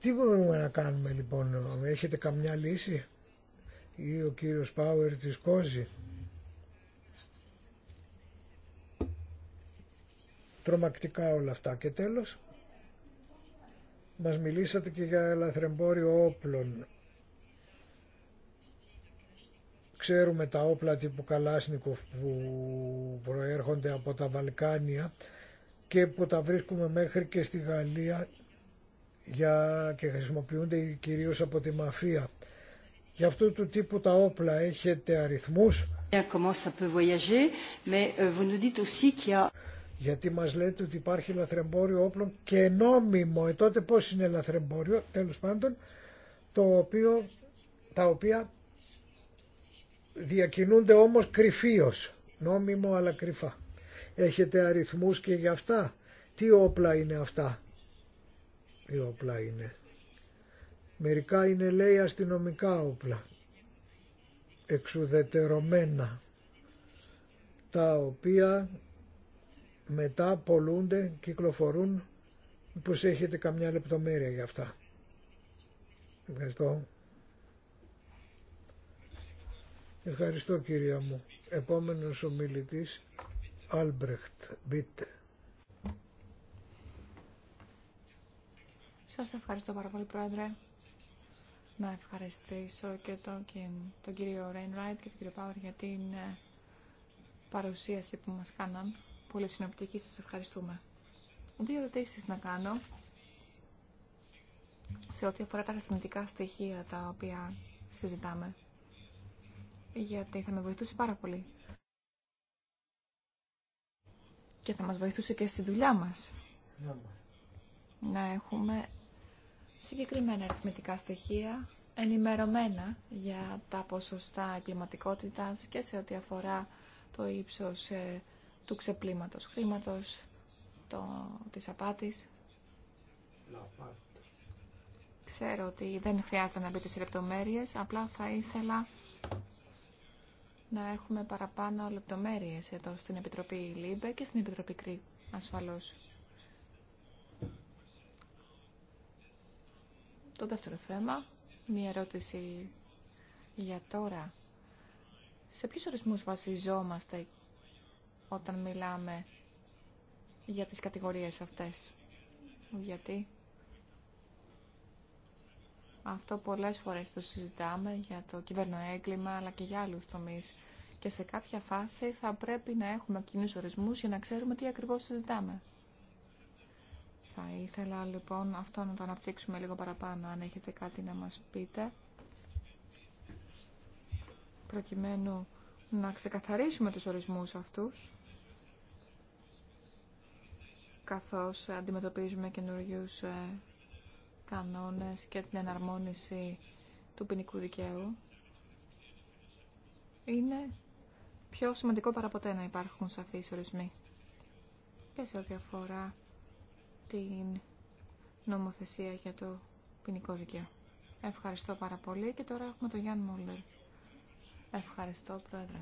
Τι μπορούμε να κάνουμε λοιπόν, έχετε καμιά λύση ή ο κύριος Πάουερ της Κόζη. Τρομακτικά όλα αυτά. Και τέλος, μας μιλήσατε και για ελαθρεμπόριο όπλων. Ξέρουμε τα όπλα τύπου Καλάσνικοφ που προέρχονται από τα Βαλκάνια και που τα βρίσκουμε μέχρι και στη Γαλλία για... και χρησιμοποιούνται κυρίως από τη μαφία. Για αυτού του τύπου τα όπλα έχετε αριθμούς. Γιατί μας λέτε ότι υπάρχει λαθρεμπόριο όπλων και νόμιμο. Ε, τότε πώς είναι λαθρεμπόριο, τέλος πάντων, τα οποία Διακινούνται όμως κρυφίως, νόμιμο αλλά κρυφά. Έχετε αριθμούς και για αυτά. Τι όπλα είναι αυτά. Τι όπλα είναι. Μερικά είναι λέει αστυνομικά όπλα. Εξουδετερωμένα. Τα οποία μετά πολλούνται, κυκλοφορούν. Μήπως έχετε καμιά λεπτομέρεια για αυτά. Ευχαριστώ. Ευχαριστώ κυρία μου. Επόμενος ομιλητής, Άλμπρεχτ, μπείτε. Σας ευχαριστώ πάρα πολύ Πρόεδρε. Να ευχαριστήσω και τον, κύριο Ρέινράιτ και τον κύριο Πάουρ για την ε, παρουσίαση που μας κάναν. Πολύ συνοπτική, σας ευχαριστούμε. Δύο ερωτήσει να κάνω σε ό,τι αφορά τα αριθμητικά στοιχεία τα οποία συζητάμε γιατί θα με βοηθούσε πάρα πολύ. Και θα μας βοηθούσε και στη δουλειά μας. Να έχουμε συγκεκριμένα αριθμητικά στοιχεία, ενημερωμένα για τα ποσοστά εγκληματικότητας και σε ό,τι αφορά το ύψος ε, του ξεπλήματος χρήματος, το, της απάτης. Ξέρω ότι δεν χρειάζεται να μπείτε σε λεπτομέρειες, απλά θα ήθελα να έχουμε παραπάνω λεπτομέρειες εδώ στην Επιτροπή ΛΥΜΠΕ και στην Επιτροπή ΚΡΙ, ασφαλώς. Το δεύτερο θέμα, μία ερώτηση για τώρα. Σε ποιους ορισμούς βασιζόμαστε όταν μιλάμε για τις κατηγορίες αυτές. Γιατί αυτό πολλές φορές το συζητάμε για το έγκλημα αλλά και για άλλους τομείς και σε κάποια φάση θα πρέπει να έχουμε κοινού ορισμούς για να ξέρουμε τι ακριβώς συζητάμε. Θα ήθελα λοιπόν αυτό να το αναπτύξουμε λίγο παραπάνω, αν έχετε κάτι να μας πείτε, προκειμένου να ξεκαθαρίσουμε τους ορισμούς αυτούς, καθώς αντιμετωπίζουμε καινούριου ε, κανόνες και την εναρμόνιση του ποινικού δικαίου. Είναι πιο σημαντικό παραποτέ να υπάρχουν σαφείς ορισμοί. Και σε ό,τι αφορά την νομοθεσία για το ποινικό δικαίωμα. Ευχαριστώ πάρα πολύ και τώρα έχουμε τον Γιάννη Μούλερ. Ευχαριστώ, Πρόεδρε.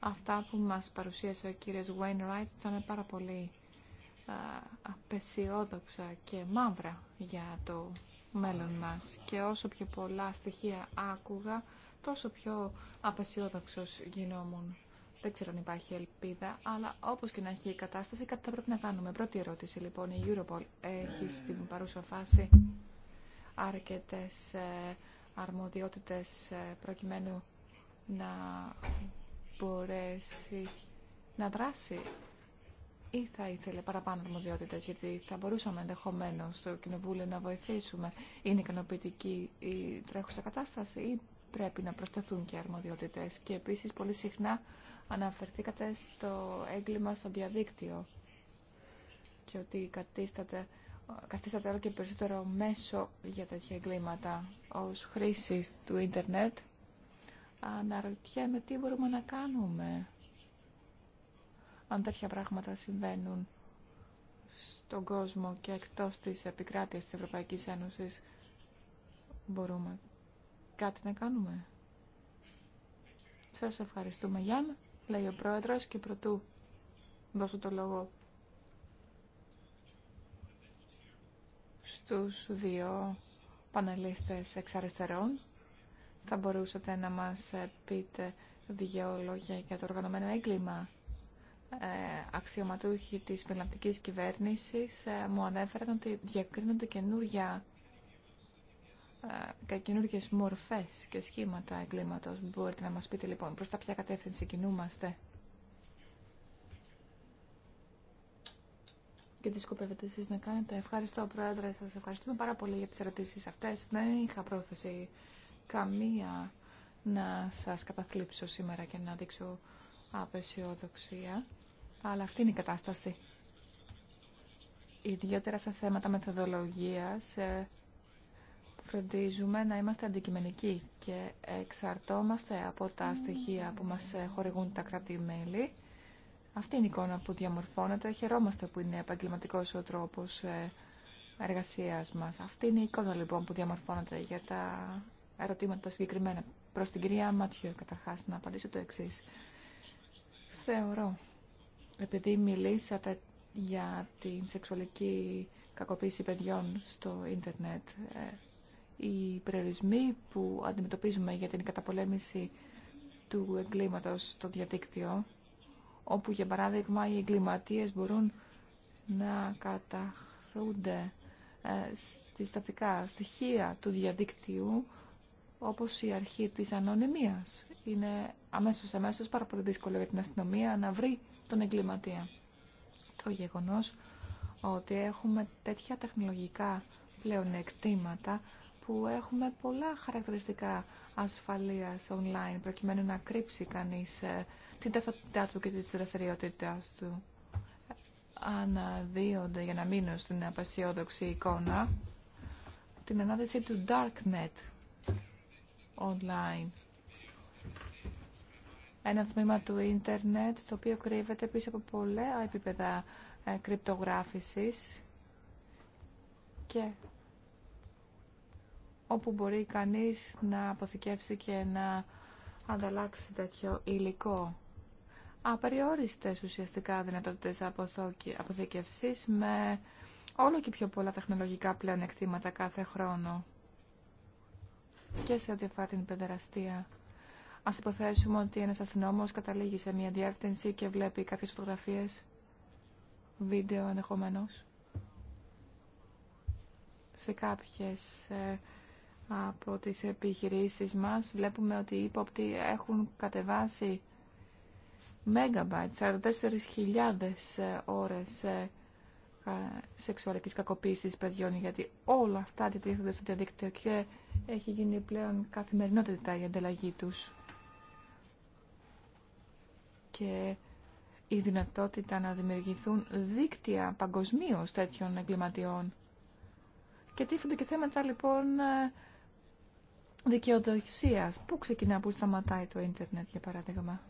Αυτά που μας παρουσίασε ο κύριος Wainwright ήταν πάρα πολύ απεσιόδοξα και μαύρα για το μέλλον μας και όσο πιο πολλά στοιχεία άκουγα τόσο πιο απεσιόδοξος γινόμουν. Δεν ξέρω αν υπάρχει ελπίδα, αλλά όπως και να έχει η κατάσταση κάτι θα πρέπει να κάνουμε. Πρώτη ερώτηση λοιπόν, η Europol έχει στην παρούσα φάση αρκετές ε, αρμοδιότητες ε, προκειμένου να μπορέσει να δράσει ή θα ήθελε παραπάνω αρμοδιότητε, γιατί θα μπορούσαμε ενδεχομένω στο Κοινοβούλιο να βοηθήσουμε. Είναι ικανοποιητική η τρέχουσα κατάσταση ή πρέπει να προσθεθούν και αρμοδιότητε. Και επίση πολύ συχνά αναφερθήκατε στο έγκλημα στο διαδίκτυο και ότι κατίσταται, καθίσταται όλο και περισσότερο μέσο για τέτοια εγκλήματα ως χρήσης του ίντερνετ. Αναρωτιέμαι τι μπορούμε να βοηθησουμε ειναι ικανοποιητικη η τρεχουσα κατασταση η πρεπει να προσθεθουν και αρμοδιοτητε και επιση πολυ συχνα αναφερθηκατε στο εγκλημα στο διαδικτυο και οτι κατηστατε καθισταται ολο και περισσοτερο μεσο για τετοια εγκληματα ως χρησης του ιντερνετ αναρωτιεμαι τι μπορουμε να κανουμε αν τέτοια πράγματα συμβαίνουν στον κόσμο και εκτός της επικράτειας της Ευρωπαϊκής Ένωσης μπορούμε κάτι να κάνουμε. Σας ευχαριστούμε Γιάν, λέει ο Πρόεδρος και πρωτού δώσω το λόγο στους δύο πανελίστες εξ αριστερών. Θα μπορούσατε να μας πείτε δύο λόγια για το οργανωμένο έγκλημα ε, αξιωματούχοι της Φιλανδικής Κυβέρνησης ε, μου ανέφεραν ότι διακρίνονται καινούργια ε, και καινούργιε μορφέ και σχήματα εγκλήματος. Μπορείτε να μας πείτε λοιπόν προς τα ποια κατεύθυνση κινούμαστε και τι σκοπεύετε εσείς να κάνετε. Ευχαριστώ, Πρόεδρε. σας ευχαριστούμε πάρα πολύ για τις ερωτήσει αυτές. Δεν είχα πρόθεση καμία να σας καταθλίψω σήμερα και να δείξω απεσιόδοξία αλλά αυτή είναι η κατάσταση. Ιδιότερα σε θέματα μεθοδολογίας ε, φροντίζουμε να είμαστε αντικειμενικοί και εξαρτώμαστε από τα στοιχεία που μας ε, χορηγούν τα κράτη-μέλη. Αυτή είναι η εικόνα που διαμορφώνεται. Χαιρόμαστε που είναι επαγγελματικό ο τρόπος ε, εργασίας μας. Αυτή είναι η εικόνα λοιπόν που διαμορφώνεται για τα ερωτήματα συγκεκριμένα. Προς την κυρία Ματιό, καταρχάς, να απαντήσω το εξής. Θεωρώ επειδή μιλήσατε για την σεξουαλική κακοποίηση παιδιών στο ίντερνετ, ε, οι περιορισμοί που αντιμετωπίζουμε για την καταπολέμηση του εγκλήματος στο διαδίκτυο, όπου για παράδειγμα οι εγκληματίες μπορούν να καταχρούνται ε, στις ταυτικά στοιχεία του διαδικτύου, όπως η αρχή της ανωνυμίας. Είναι αμέσως αμέσως πάρα πολύ δύσκολο για την αστυνομία να βρει τον εγκληματία. Το γεγονός ότι έχουμε τέτοια τεχνολογικά πλεονεκτήματα που έχουμε πολλά χαρακτηριστικά ασφαλείας online προκειμένου να κρύψει κανείς ε, την ταυτότητά του και τη δραστηριότητά του. Αναδύονται για να μείνω στην απασιόδοξη εικόνα την ανάδεση του Darknet online ένα τμήμα του ίντερνετ το οποίο κρύβεται πίσω από πολλά επίπεδα ε, κρυπτογράφησης και όπου μπορεί κανείς να αποθηκεύσει και να ανταλλάξει τέτοιο υλικό. Απεριόριστες ουσιαστικά δυνατότητες αποθήκευσης με όλο και πιο πολλά τεχνολογικά πλεονεκτήματα κάθε χρόνο και σε ό,τι αφορά την παιδεραστία. Α υποθέσουμε ότι ένας αστυνόμο καταλήγει σε μια διεύθυνση και βλέπει κάποιες φωτογραφίες, βίντεο ενδεχομένω σε κάποιες ε, από τι επιχειρήσει μας βλέπουμε ότι οι ύποπτοι έχουν κατεβάσει megabytes, 44.000 ε, ώρες ε, σεξουαλικής κακοποίησης παιδιών γιατί όλα αυτά διατίθενται στο διαδίκτυο και έχει γίνει πλέον καθημερινότητα η ανταλλαγή τους και η δυνατότητα να δημιουργηθούν δίκτυα παγκοσμίω τέτοιων εγκληματιών. Και τίφονται και θέματα λοιπόν δικαιοδοσία. Πού ξεκινά, πού σταματάει το ίντερνετ για παράδειγμα.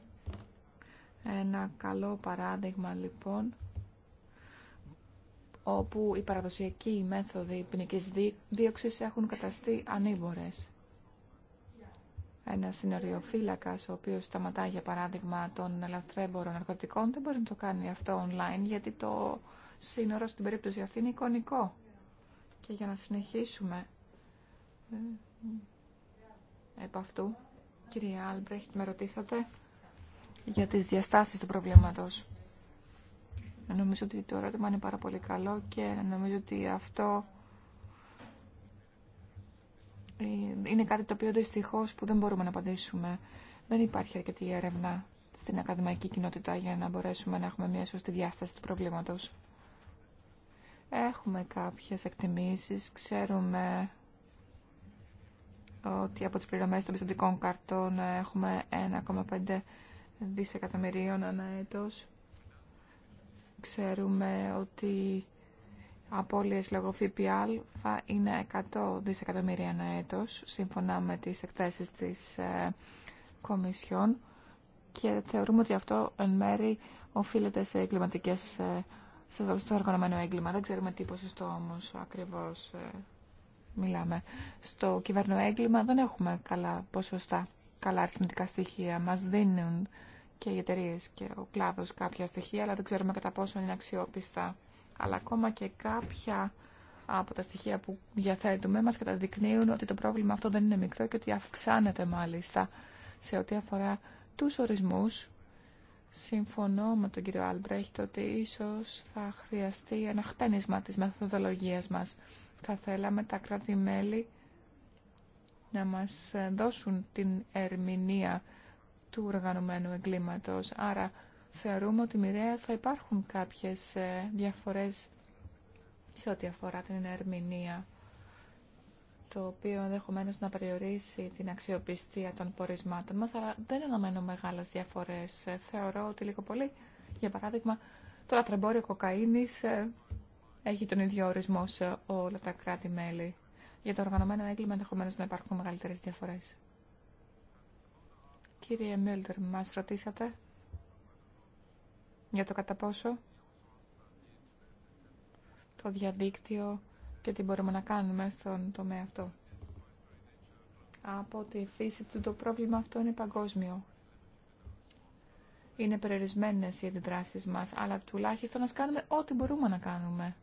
Ένα καλό παράδειγμα λοιπόν όπου οι παραδοσιακοί μέθοδοι ποινική δίωξη έχουν καταστεί ανήμπορες ένα συνοριοφύλακα ο οποίο σταματά για παράδειγμα τον λαθρέμπορο ναρκωτικών δεν μπορεί να το κάνει αυτό online γιατί το σύνορο στην περίπτωση αυτή είναι εικονικό. Και για να συνεχίσουμε ε, επ' αυτού, κύριε Άλμπρεχτ, με ρωτήσατε για τις διαστάσεις του προβλήματος. Νομίζω ότι το ερώτημα είναι πάρα πολύ καλό και νομίζω ότι αυτό ε, είναι κάτι το οποίο δυστυχώ που δεν μπορούμε να απαντήσουμε. Δεν υπάρχει αρκετή έρευνα στην ακαδημαϊκή κοινότητα για να μπορέσουμε να έχουμε μια σωστή διάσταση του προβλήματος. Έχουμε κάποιες εκτιμήσεις, ξέρουμε ότι από τις πληρωμές των πιστοτικών καρτών έχουμε 1,5 δισεκατομμυρίων ανά έτος. Ξέρουμε ότι απώλειες λόγω ΦΠΑ είναι 100 δισεκατομμύρια ένα έτος, σύμφωνα με τις εκθέσεις της ε, Κομισιόν και θεωρούμε ότι αυτό εν μέρη οφείλεται σε εγκληματικές ε, στο οργανωμένο έγκλημα. Δεν ξέρουμε τι ποσοστό όμως ακριβώς ε, μιλάμε. Στο κυβέρνο έγκλημα δεν έχουμε καλά ποσοστά, καλά αριθμητικά στοιχεία. Μας δίνουν και οι εταιρείε και ο κλάδος κάποια στοιχεία, αλλά δεν ξέρουμε κατά πόσο είναι αξιόπιστα αλλά ακόμα και κάποια από τα στοιχεία που διαθέτουμε μας καταδεικνύουν ότι το πρόβλημα αυτό δεν είναι μικρό και ότι αυξάνεται μάλιστα σε ό,τι αφορά τους ορισμούς. Συμφωνώ με τον κύριο Άλμπρεχτ ότι ίσως θα χρειαστεί ένα χτένισμα της μεθοδολογίας μας. Θα θέλαμε τα κράτη-μέλη να μας δώσουν την ερμηνεία του οργανωμένου εγκλήματος. Άρα θεωρούμε ότι μοιραία θα υπάρχουν κάποιες ε, διαφορές σε ό,τι αφορά την ερμηνεία το οποίο ενδεχομένω να περιορίσει την αξιοπιστία των πορισμάτων μας, αλλά δεν αναμένω μεγάλες διαφορές. Ε, θεωρώ ότι λίγο πολύ, για παράδειγμα, το λατρεμπόριο κοκαίνης ε, έχει τον ίδιο ορισμό σε όλα τα κράτη-μέλη. Για το οργανωμένο έγκλημα ενδεχομένω να υπάρχουν μεγαλύτερες διαφορές. Κύριε Μίλτερ, μας ρωτήσατε για το κατά πόσο το διαδίκτυο και τι μπορούμε να κάνουμε στον τομέα αυτό. Από τη φύση του το πρόβλημα αυτό είναι παγκόσμιο. Είναι περιορισμένες οι αντιδράσεις μας, αλλά τουλάχιστον να κάνουμε ό,τι μπορούμε να κάνουμε.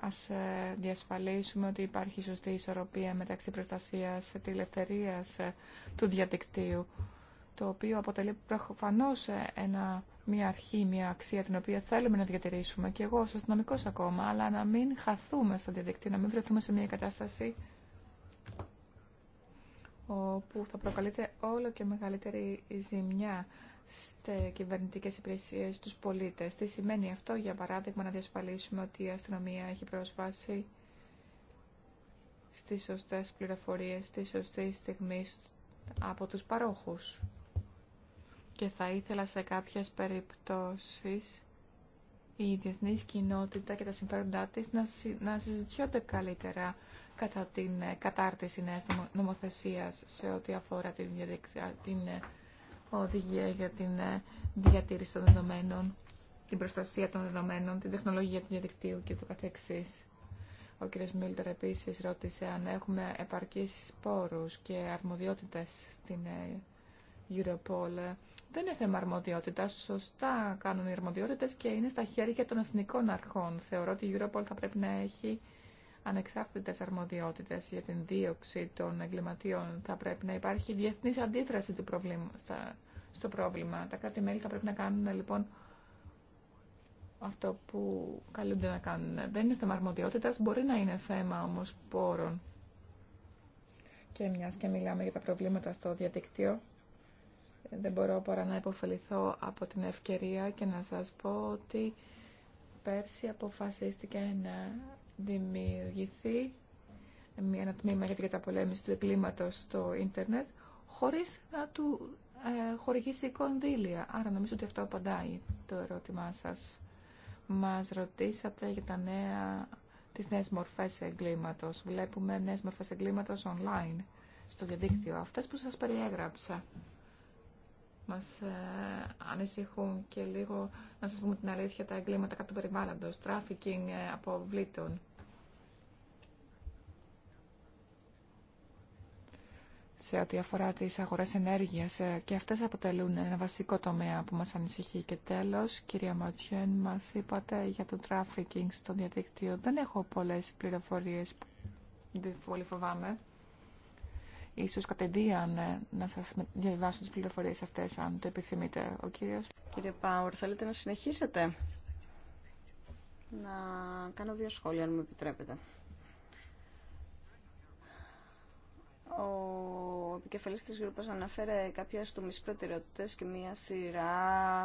Ας ε, διασφαλίσουμε ότι υπάρχει σωστή ισορροπία μεταξύ προστασίας, ελευθερία ε, του διαδικτύου το οποίο αποτελεί προφανώς ε, ένα, μια αρχή, μια αξία την οποία θέλουμε να διατηρήσουμε και εγώ ως αστυνομικό ακόμα, αλλά να μην χαθούμε στο διαδικτύο, να μην βρεθούμε σε μια κατάσταση όπου θα προκαλείται όλο και μεγαλύτερη ζημιά στις κυβερνητικέ υπηρεσίε στους πολίτες. Τι σημαίνει αυτό, για παράδειγμα, να διασφαλίσουμε ότι η αστυνομία έχει πρόσβαση στις σωστέ πληροφορίε, στη σωστή στιγμή από του παρόχου και θα ήθελα σε κάποιες περιπτώσεις η διεθνής κοινότητα και τα συμφέροντά της να συζητιόνται καλύτερα κατά την ε, κατάρτιση νέας νομοθεσίας σε ό,τι αφορά την, την ε, οδηγία για την ε, διατήρηση των δεδομένων, την προστασία των δεδομένων, την τεχνολογία του διαδικτύου και του καθεξής. Ο κ. Μίλτερ επίσης ρώτησε αν έχουμε επαρκείς πόρους και αρμοδιότητες στην Europol δεν είναι θέμα αρμοδιότητα. Σωστά κάνουν οι αρμοδιότητε και είναι στα χέρια των εθνικών αρχών. Θεωρώ ότι η Europol θα πρέπει να έχει ανεξάρτητε αρμοδιότητε για την δίωξη των εγκληματιών. Θα πρέπει να υπάρχει διεθνή αντίδραση του προβλήμα, στα, στο πρόβλημα. Τα κράτη-μέλη θα πρέπει να κάνουν λοιπόν αυτό που καλούνται να κάνουν. Δεν είναι θέμα αρμοδιότητα, μπορεί να είναι θέμα όμω πόρων. Και μια και μιλάμε για τα προβλήματα στο διαδικτύο, δεν μπορώ παρά να υποφεληθώ από την ευκαιρία και να σας πω ότι πέρσι αποφασίστηκε να δημιουργηθεί μια, ένα τμήμα για την καταπολέμηση του εγκλήματος στο ίντερνετ χωρίς να του ε, χορηγήσει κονδύλια. Άρα νομίζω ότι αυτό απαντάει το ερώτημά σας. Μας ρωτήσατε για τα νέα, τις νέες μορφές εγκλήματος. Βλέπουμε νέες μορφές εγκλήματος online στο διαδίκτυο. Αυτές που σας περιέγραψα μας ε, ανησυχούν και λίγο, να σας πούμε την αλήθεια, τα εγκλήματα κάτω του περιβάλλοντος, τράφικινγκ από βλήτων. σε ό,τι αφορά τις αγορές ενέργειας ε, και αυτές αποτελούν ένα βασικό τομέα που μας ανησυχεί. Και τέλος, κυρία Ματιέν, μας είπατε για το τράφικινγκ στο διαδίκτυο. Δεν έχω πολλές πληροφορίες, πολύ φοβάμαι ίσως κατεδίαν ε, να σας διαβάσουν τις πληροφορίες αυτές, αν το επιθυμείτε. Ο κύριος. Κύριε Πάουρ, θέλετε να συνεχίσετε. Να κάνω δύο σχόλια, αν μου επιτρέπετε. ο επικεφαλής της Γρούπας αναφέρε κάποια τομείς προτεραιότητες και μία σειρά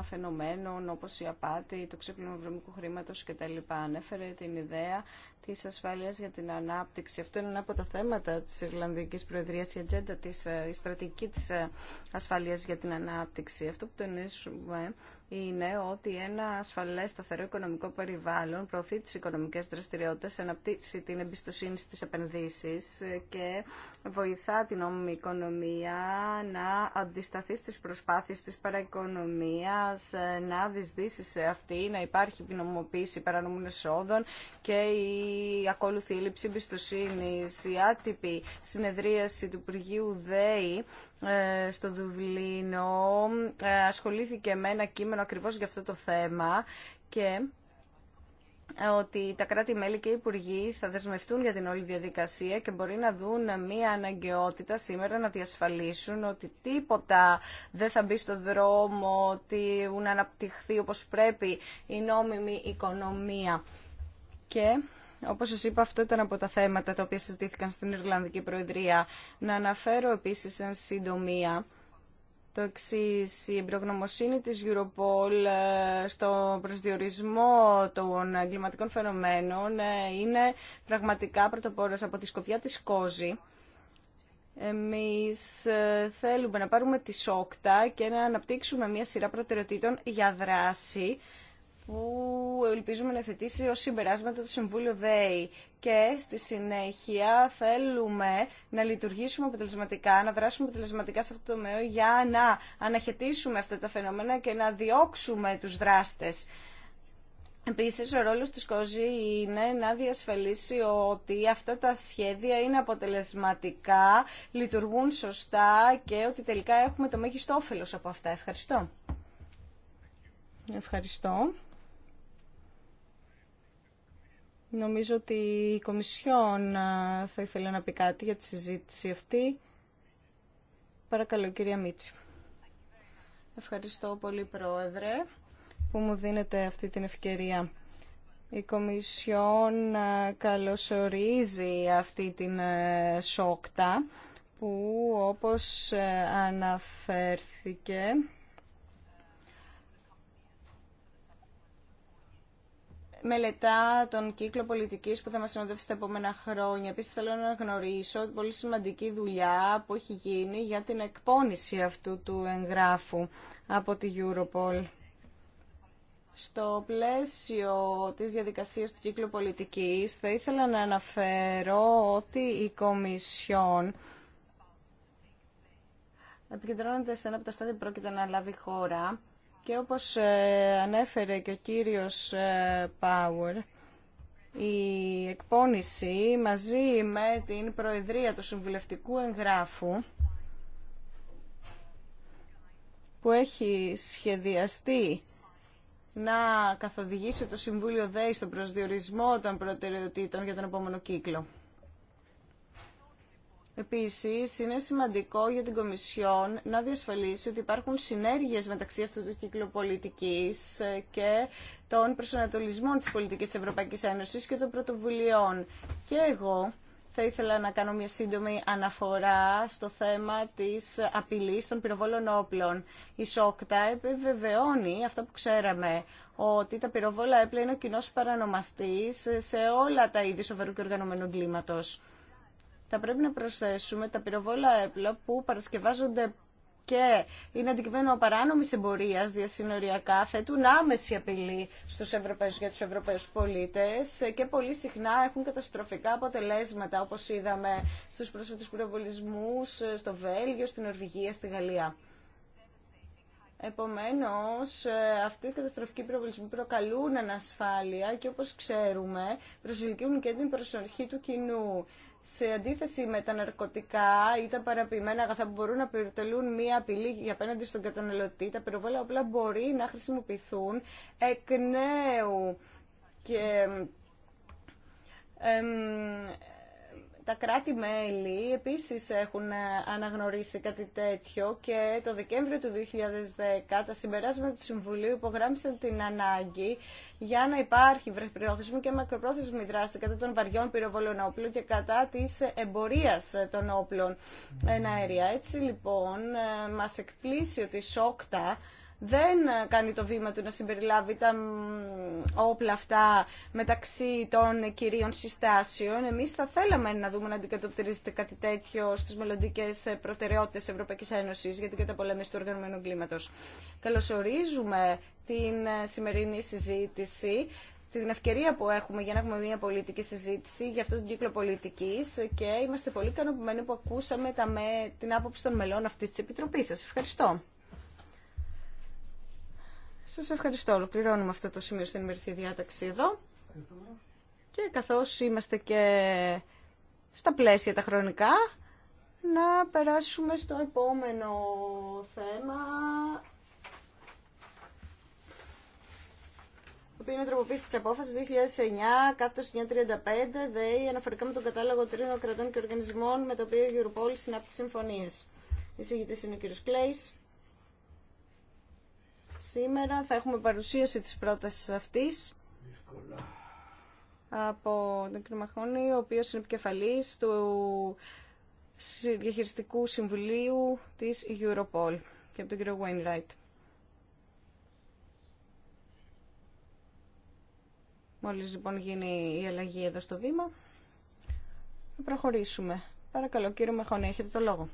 φαινομένων όπως η απάτη, το ξέπλυμα βρωμικού χρήματος κτλ. Ανέφερε την ιδέα της ασφάλειας για την ανάπτυξη. Αυτό είναι ένα από τα θέματα της Ιρλανδικής Προεδρίας, η ατζέντα της, ε, η στρατηγική της ε, ασφάλειας για την ανάπτυξη. Αυτό που τονίζουμε είναι ότι ένα ασφαλές σταθερό οικονομικό περιβάλλον προωθεί τις οικονομικές δραστηριότητες, αναπτύσσει την εμπιστοσύνη στις επενδύσεις και βοηθά την νόμιμη οικονομία να αντισταθεί στις προσπάθειες της παραοικονομίας, να δυσδύσει σε αυτή, να υπάρχει ποινομοποίηση παρανομών εσόδων και η ακόλουθη έλλειψη εμπιστοσύνη, η άτυπη συνεδρίαση του Υπουργείου ΔΕΗ ε, στο Δουβλίνο ε, ασχολήθηκε με ένα κείμενο ακριβώς για αυτό το θέμα και ε, ότι τα κράτη-μέλη και οι υπουργοί θα δεσμευτούν για την όλη διαδικασία και μπορεί να δουν μία αναγκαιότητα σήμερα να διασφαλίσουν ότι τίποτα δεν θα μπει στο δρόμο, ότι να αναπτυχθεί όπως πρέπει η νόμιμη οικονομία. Και όπως σας είπα, αυτό ήταν από τα θέματα τα οποία συζητήθηκαν στην Ιρλανδική Προεδρία. Να αναφέρω επίσης εν συντομία το εξή η εμπρογνωμοσύνη της Europol ε, στο προσδιορισμό των εγκληματικών φαινομένων ε, είναι πραγματικά πρωτοπόρος από τη σκοπιά της Κόζη. Εμείς ε, θέλουμε να πάρουμε τη σόκτα και να αναπτύξουμε μια σειρά προτεραιοτήτων για δράση που ελπίζουμε να θετήσει ως συμπεράσματα το Συμβούλιο ΔΕΗ. Και στη συνέχεια θέλουμε να λειτουργήσουμε αποτελεσματικά, να δράσουμε αποτελεσματικά σε αυτό το τομέα για να αναχαιτήσουμε αυτά τα φαινόμενα και να διώξουμε τους δράστες. Επίσης, ο ρόλος της ΚΟΖΗ είναι να διασφαλίσει ότι αυτά τα σχέδια είναι αποτελεσματικά, λειτουργούν σωστά και ότι τελικά έχουμε το μέγιστο όφελος από αυτά. Ευχαριστώ. Ευχαριστώ. Νομίζω ότι η Κομισιόν θα ήθελε να πει κάτι για τη συζήτηση αυτή. Παρακαλώ, κυρία Μίτση. Ευχαριστώ πολύ, Πρόεδρε, που μου δίνετε αυτή την ευκαιρία. Η Κομισιόν καλωσορίζει αυτή την σόκτα που όπως αναφέρθηκε μελετά τον κύκλο πολιτικής που θα μας συνοδεύσει τα επόμενα χρόνια. Επίσης θέλω να γνωρίσω την πολύ σημαντική δουλειά που έχει γίνει για την εκπόνηση αυτού του εγγράφου από τη Europol. Στο πλαίσιο της διαδικασίας του κύκλου πολιτικής θα ήθελα να αναφέρω ότι η Κομισιόν επικεντρώνεται σε ένα από τα στάδια που πρόκειται να λάβει χώρα και όπως ε, ανέφερε και ο κύριος ε, Πάουερ, η εκπόνηση μαζί με την Προεδρία του Συμβουλευτικού Εγγράφου που έχει σχεδιαστεί να καθοδηγήσει το Συμβούλιο ΔΕΗ στον προσδιορισμό των προτεραιοτήτων για τον επόμενο κύκλο. Επίσης, είναι σημαντικό για την Κομισιόν να διασφαλίσει ότι υπάρχουν συνέργειε μεταξύ αυτού του κύκλου πολιτική και των προσανατολισμών της πολιτικής της Ευρωπαϊκής Ένωσης και των πρωτοβουλειών. Και εγώ θα ήθελα να κάνω μια σύντομη αναφορά στο θέμα της απειλής των πυροβόλων όπλων. Η ΣΟΚΤΑ επιβεβαιώνει αυτό που ξέραμε, ότι τα πυροβόλα έπλα είναι ο κοινό παρανομαστή σε όλα τα είδη σοβαρού και οργανωμένου κλίματο θα πρέπει να προσθέσουμε τα πυροβόλα έπλα που παρασκευάζονται και είναι αντικείμενο παράνομη εμπορία διασυνοριακά θέτουν άμεση απειλή στους Ευρωπαίους για τους Ευρωπαίους πολίτες και πολύ συχνά έχουν καταστροφικά αποτελέσματα όπως είδαμε στους πρόσφατους πυροβολισμούς στο Βέλγιο, στην Ορβηγία, στη Γαλλία. Επομένως, αυτοί οι καταστροφικοί προβολισμοί προκαλούν ανασφάλεια και όπως ξέρουμε προσελκύουν και την προσοχή του κοινού σε αντίθεση με τα ναρκωτικά ή τα παραποιημένα αγαθά που μπορούν να περιτελούν μία απειλή απέναντι στον καταναλωτή, τα πυροβόλα όπλα μπορεί να χρησιμοποιηθούν εκ νέου. Και τα κράτη-μέλη επίσης έχουν ε, αναγνωρίσει κάτι τέτοιο και το Δεκέμβριο του 2010 τα συμπεράσματα του Συμβουλίου υπογράμμισαν την ανάγκη για να υπάρχει βρεχπρόθεσμη και μακροπρόθεσμη δράση κατά των βαριών πυροβολών όπλων και κατά της εμπορίας των όπλων εν αέρια. Έτσι λοιπόν ε, μας εκπλήσει ότι η ΣΟΚΤΑ δεν κάνει το βήμα του να συμπεριλάβει τα όπλα αυτά μεταξύ των κυρίων συστάσεων. Εμείς θα θέλαμε να δούμε να αντικατοπτρίζεται κάτι τέτοιο στις μελλοντικέ προτεραιότητες Ευρωπαϊκής Ένωσης για την καταπολέμηση του οργανωμένου κλίματος. Καλωσορίζουμε την σημερινή συζήτηση την ευκαιρία που έχουμε για να έχουμε μια πολιτική συζήτηση για αυτόν τον κύκλο πολιτική και είμαστε πολύ ικανοποιημένοι που ακούσαμε τα με, την άποψη των μελών αυτή τη Επιτροπή. Σα ευχαριστώ. Σας ευχαριστώ. Ολοκληρώνουμε αυτό το σημείο στην ημερησία διάταξη εδώ. Και καθώς είμαστε και στα πλαίσια τα χρονικά, να περάσουμε στο επόμενο θέμα. Το οποίο είναι τροποποίηση τη απόφαση 2009, κάτω 935, ΔΕΗ, αναφορικά με τον κατάλογο τρίτων κρατών και οργανισμών με το οποίο η Europol συνάπτει συμφωνίε. Εισηγητή είναι ο κ. Κλέη. Σήμερα θα έχουμε παρουσίαση της πρότασης αυτής από τον Μαχώνη, ο οποίος είναι επικεφαλής του Διαχειριστικού Συμβουλίου της Europol και από τον κύριο Wainwright. Μόλις λοιπόν γίνει η αλλαγή εδώ στο βήμα, θα προχωρήσουμε. Παρακαλώ κύριο Μαχώνη, έχετε το λόγο.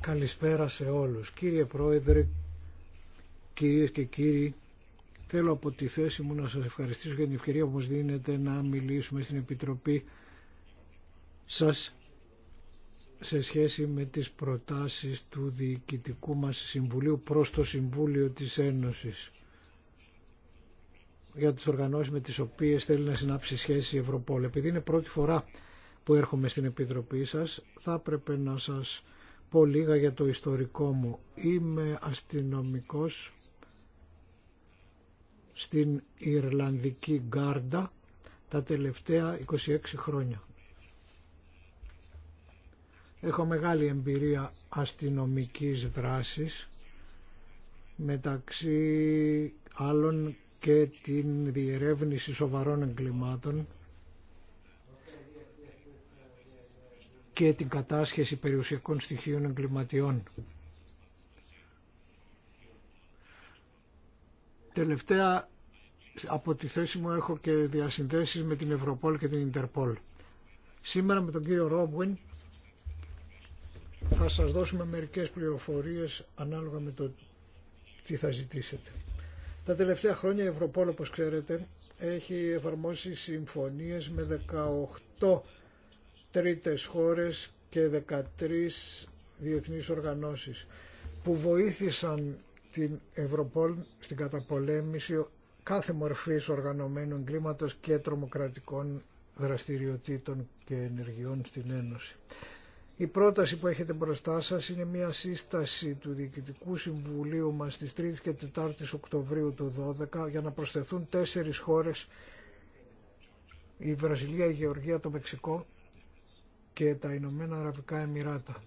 Καλησπέρα σε όλους. Κύριε Πρόεδρε, κύριε και κύριοι, θέλω από τη θέση μου να σας ευχαριστήσω για την ευκαιρία που μας δίνετε να μιλήσουμε στην Επιτροπή σας σε σχέση με τις προτάσεις του Διοικητικού μας Συμβουλίου προς το Συμβούλιο της Ένωσης για τις οργανώσεις με τις οποίες θέλει να συνάψει σχέση η Ευρωπόλ. Επειδή είναι πρώτη φορά που έρχομαι στην Επιτροπή σας, θα έπρεπε να σας πω λίγα για το ιστορικό μου. Είμαι αστυνομικός στην Ιρλανδική Γκάρντα τα τελευταία 26 χρόνια. Έχω μεγάλη εμπειρία αστυνομικής δράσης μεταξύ άλλων και την διερεύνηση σοβαρών εγκλημάτων και την κατάσχεση περιουσιακών στοιχείων εγκληματιών. Τελευταία, από τη θέση μου έχω και διασυνδέσεις με την Ευρωπόλ και την Ιντερπόλ. Σήμερα με τον κύριο Ρόμπουιν θα σας δώσουμε μερικές πληροφορίες ανάλογα με το τι θα ζητήσετε. Τα τελευταία χρόνια η Ευρωπόλ, όπως ξέρετε, έχει εφαρμόσει συμφωνίες με 18 τρίτες χώρες και 13 διεθνείς οργανώσεις που βοήθησαν την Ευρωπόλ στην καταπολέμηση κάθε μορφής οργανωμένου εγκλήματος και τρομοκρατικών δραστηριοτήτων και ενεργειών στην Ένωση. Η πρόταση που έχετε μπροστά σας είναι μια σύσταση του Διοικητικού Συμβουλίου μας στις 3 και 4 Οκτωβρίου του 2012 για να προσθεθούν τέσσερις χώρες η Βραζιλία, η Γεωργία, το Μεξικό και τα Ηνωμένα Αραβικά Εμμυράτα.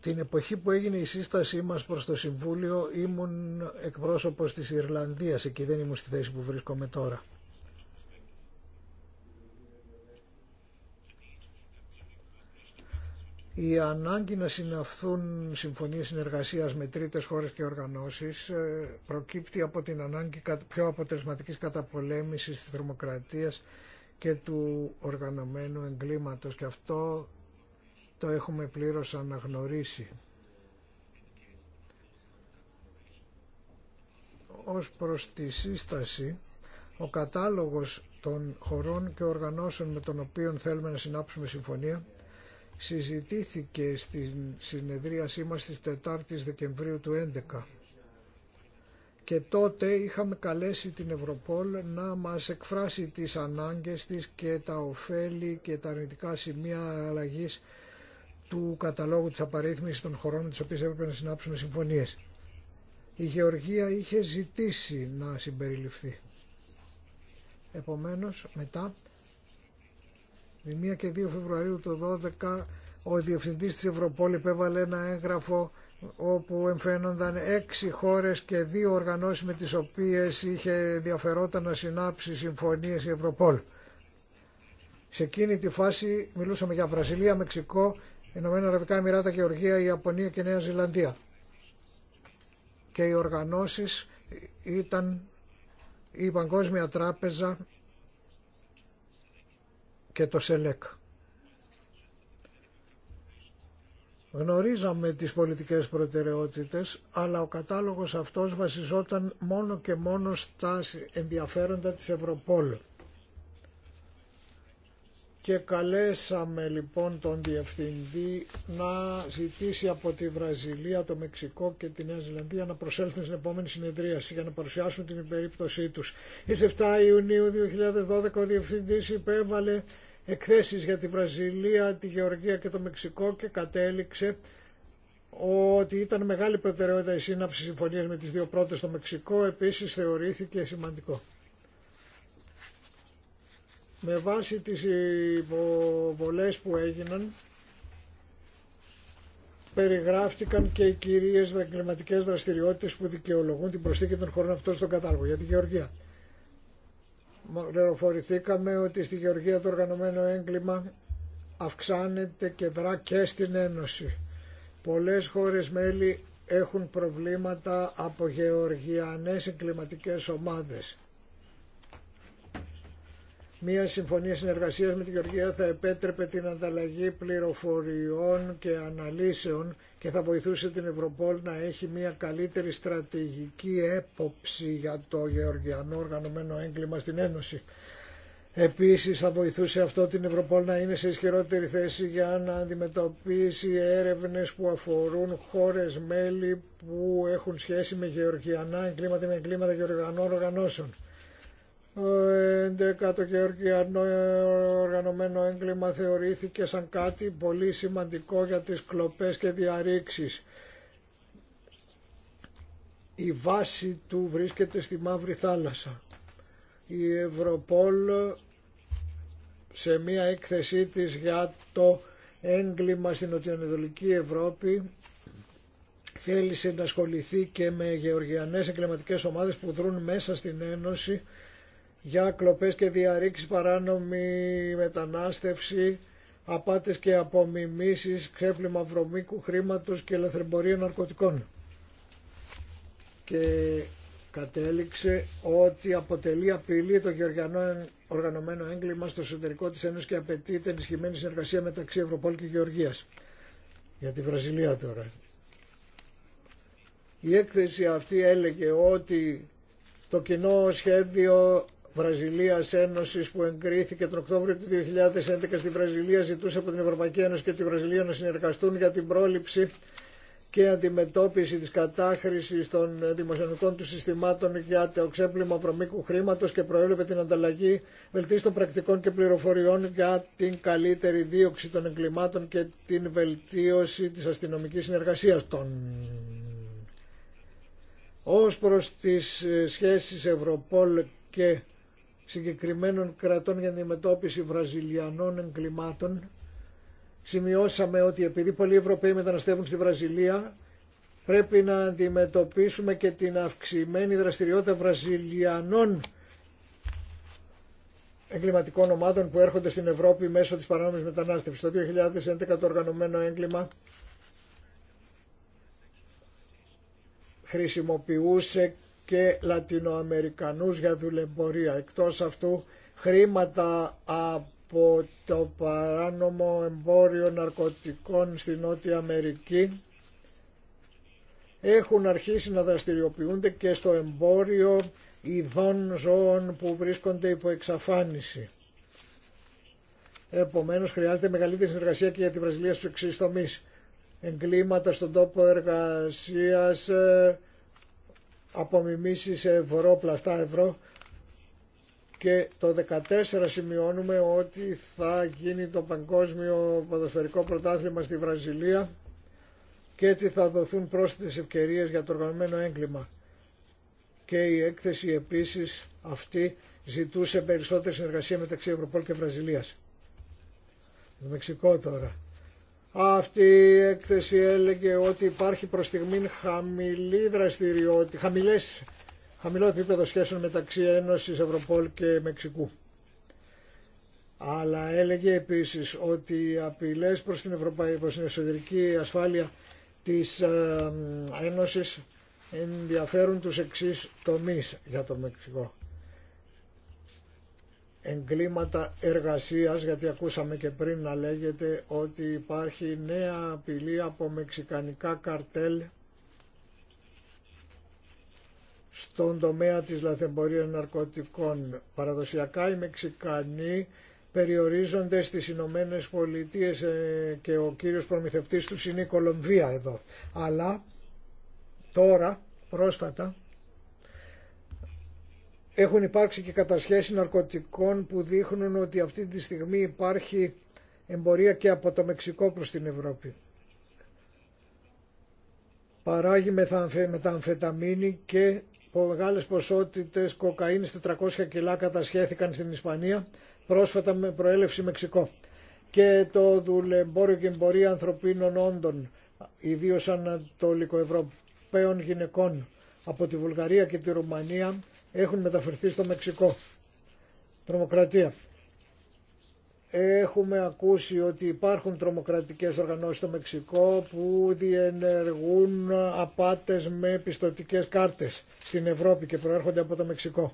Την εποχή που έγινε η σύστασή μας προς το Συμβούλιο ήμουν εκπρόσωπος της Ιρλανδίας, εκεί δεν ήμουν στη θέση που βρίσκομαι τώρα. Η ανάγκη να συναυθούν συμφωνίες συνεργασίας με τρίτες χώρες και οργανώσεις ε, προκύπτει από την ανάγκη πιο αποτελεσματικής καταπολέμησης της θερμοκρατίας και του οργανωμένου εγκλήματος και αυτό το έχουμε πλήρως αναγνωρίσει. Ως προς τη σύσταση, ο κατάλογος των χωρών και οργανώσεων με τον οποίο θέλουμε να συνάψουμε συμφωνία συζητήθηκε στην συνεδρίασή μας της 4ης Δεκεμβρίου του 2011 και τότε είχαμε καλέσει την Ευρωπόλ να μας εκφράσει τις ανάγκες της και τα ωφέλη και τα αρνητικά σημεία αλλαγής του καταλόγου της απαρίθμησης των χωρών με τις οποίες έπρεπε να συνάψουμε συμφωνίες. Η Γεωργία είχε ζητήσει να συμπεριληφθεί. Επομένως, μετά 1 και 2 Φεβρουαρίου του 2012 ο Διευθυντής της Ευρωπόλη επέβαλε ένα έγγραφο όπου εμφαίνονταν έξι χώρες και δύο οργανώσεις με τις οποίες είχε ενδιαφερόταν να συνάψει συμφωνίες η Ευρωπόλ. Σε εκείνη τη φάση μιλούσαμε για Βραζιλία, Μεξικό, Ηνωμένα Αραβικά Εμμυράτα, Γεωργία, Ιαπωνία και Νέα Ζηλανδία. Και οι οργανώσεις ήταν η Παγκόσμια Τράπεζα, και το ΣΕΛΕΚ. Γνωρίζαμε τις πολιτικές προτεραιότητες, αλλά ο κατάλογος αυτός βασιζόταν μόνο και μόνο στα ενδιαφέροντα της Ευρωπόλου. Και καλέσαμε λοιπόν τον Διευθυντή να ζητήσει από τη Βραζιλία, το Μεξικό και τη Νέα Ζηλανδία να προσέλθουν στην επόμενη συνεδρίαση για να παρουσιάσουν την περίπτωσή τους. Εις 7 Ιουνίου 2012 ο Διευθυντής υπέβαλε εκθέσεις για τη Βραζιλία, τη Γεωργία και το Μεξικό και κατέληξε ότι ήταν μεγάλη προτεραιότητα η σύναψη συμφωνίας με τις δύο πρώτες στο Μεξικό, επίσης θεωρήθηκε σημαντικό. Με βάση τις υποβολές που έγιναν, περιγράφτηκαν και οι κυρίες εγκληματικέ δραστηριότητες που δικαιολογούν την προσθήκη των χωρών αυτών στον κατάλογο για τη Γεωργία. Λεωφορηθήκαμε ότι στη Γεωργία το οργανωμένο έγκλημα αυξάνεται και δρά και στην Ένωση. Πολλές χώρες μέλη έχουν προβλήματα από γεωργιανές εγκληματικές ομάδες. Μία συμφωνία συνεργασίας με τη Γεωργία θα επέτρεπε την ανταλλαγή πληροφοριών και αναλύσεων και θα βοηθούσε την Ευρωπόλ να έχει μια καλύτερη στρατηγική έποψη για το γεωργιανό οργανωμένο έγκλημα στην Ένωση. Επίσης θα βοηθούσε αυτό την Ευρωπόλ να είναι σε ισχυρότερη θέση για να αντιμετωπίσει έρευνες που αφορούν χώρες μέλη που έχουν σχέση με γεωργιανά εγκλήματα με εγκλήματα γεωργιανών οργανώσεων. 11 ε, ο γεωργιανό οργανωμένο έγκλημα θεωρήθηκε σαν κάτι πολύ σημαντικό για τις κλοπές και διαρρήξεις. Η βάση του βρίσκεται στη Μαύρη Θάλασσα. Η Ευρωπόλ σε μία έκθεσή της για το έγκλημα στην Νοτιοανατολική Ευρώπη θέλησε να ασχοληθεί και με γεωργιανές εγκληματικές ομάδες που δρούν μέσα στην Ένωση για κλοπές και διαρρήξεις, παράνομη μετανάστευση, απάτες και απομιμήσεις, ξέπλυμα βρωμίκου χρήματος και ελευθερμπορία ναρκωτικών. Και κατέληξε ότι αποτελεί απειλή το γεωργιανό οργανωμένο έγκλημα στο εσωτερικό της Ένωσης και απαιτείται ενισχυμένη συνεργασία μεταξύ Ευρωπόλ και Γεωργίας. Για τη Βραζιλία τώρα. Η έκθεση αυτή έλεγε ότι το κοινό σχέδιο Βραζιλίας Ένωσης που εγκρίθηκε τον Οκτώβριο του 2011 στη Βραζιλία ζητούσε από την Ευρωπαϊκή Ένωση και τη Βραζιλία να συνεργαστούν για την πρόληψη και αντιμετώπιση της κατάχρησης των δημοσιονομικών του συστημάτων για το ξέπλυμα προμήκου χρήματος και προέβλεπε την ανταλλαγή βελτίστων πρακτικών και πληροφοριών για την καλύτερη δίωξη των εγκλημάτων και την βελτίωση της αστυνομικής συνεργασίας των. Ως προς τις ε, σχέσεις Ευρωπόλ και συγκεκριμένων κρατών για αντιμετώπιση βραζιλιανών εγκλημάτων σημειώσαμε ότι επειδή πολλοί Ευρωπαίοι μεταναστεύουν στη Βραζιλία πρέπει να αντιμετωπίσουμε και την αυξημένη δραστηριότητα βραζιλιανών εγκληματικών ομάδων που έρχονται στην Ευρώπη μέσω της παράνομης μετανάστευσης. Το 2011 το οργανωμένο έγκλημα χρησιμοποιούσε και Λατινοαμερικανούς για δουλεμπορία. Εκτός αυτού χρήματα από το παράνομο εμπόριο ναρκωτικών στη Νότια Αμερική έχουν αρχίσει να δραστηριοποιούνται και στο εμπόριο ειδών ζώων που βρίσκονται υπό εξαφάνιση. Επομένως χρειάζεται μεγαλύτερη συνεργασία και για τη Βραζιλία στους εξής τομείς. Εγκλήματα στον τόπο εργασίας, απομιμήσει σε ευρώ, πλαστά ευρώ και το 14 σημειώνουμε ότι θα γίνει το παγκόσμιο ποδοσφαιρικό πρωτάθλημα στη Βραζιλία και έτσι θα δοθούν πρόσθετες ευκαιρίες για το οργανωμένο έγκλημα. Και η έκθεση επίσης αυτή ζητούσε περισσότερη συνεργασία μεταξύ Ευρωπόλ και Βραζιλίας. Το Μεξικό τώρα. Αυτή η έκθεση έλεγε ότι υπάρχει προς στιγμήν χαμηλή δραστηριότητα, χαμηλές, χαμηλό επίπεδο σχέσεων μεταξύ Ένωσης Ευρωπόλ και Μεξικού. Αλλά έλεγε επίσης ότι οι απειλές προς την, Ευρωπαϊκή, προς την εσωτερική ασφάλεια της ε, Ένωσης ενδιαφέρουν τους εξής τομείς για το Μεξικό εγκλήματα εργασίας, γιατί ακούσαμε και πριν να λέγεται ότι υπάρχει νέα απειλή από μεξικανικά καρτέλ στον τομέα της λαθεμπορίας ναρκωτικών. Παραδοσιακά οι Μεξικανοί περιορίζονται στις Ηνωμένε Πολιτείε ε, και ο κύριος προμηθευτής τους είναι η Κολομβία εδώ. Αλλά τώρα, πρόσφατα, έχουν υπάρξει και κατασχέσεις ναρκωτικών που δείχνουν ότι αυτή τη στιγμή υπάρχει εμπορία και από το Μεξικό προς την Ευρώπη. Παράγει μεταμφεταμίνη και μεγάλε ποσότητες κοκαίνης 400 κιλά κατασχέθηκαν στην Ισπανία πρόσφατα με προέλευση Μεξικό. Και το δουλεμπόριο και εμπορία ανθρωπίνων όντων, ιδίω ανατολικοευρωπαίων γυναικών από τη Βουλγαρία και τη Ρουμανία έχουν μεταφερθεί στο Μεξικό. Τρομοκρατία. Έχουμε ακούσει ότι υπάρχουν τρομοκρατικές οργανώσεις στο Μεξικό που διενεργούν απάτες με πιστοτικές κάρτες στην Ευρώπη και προέρχονται από το Μεξικό.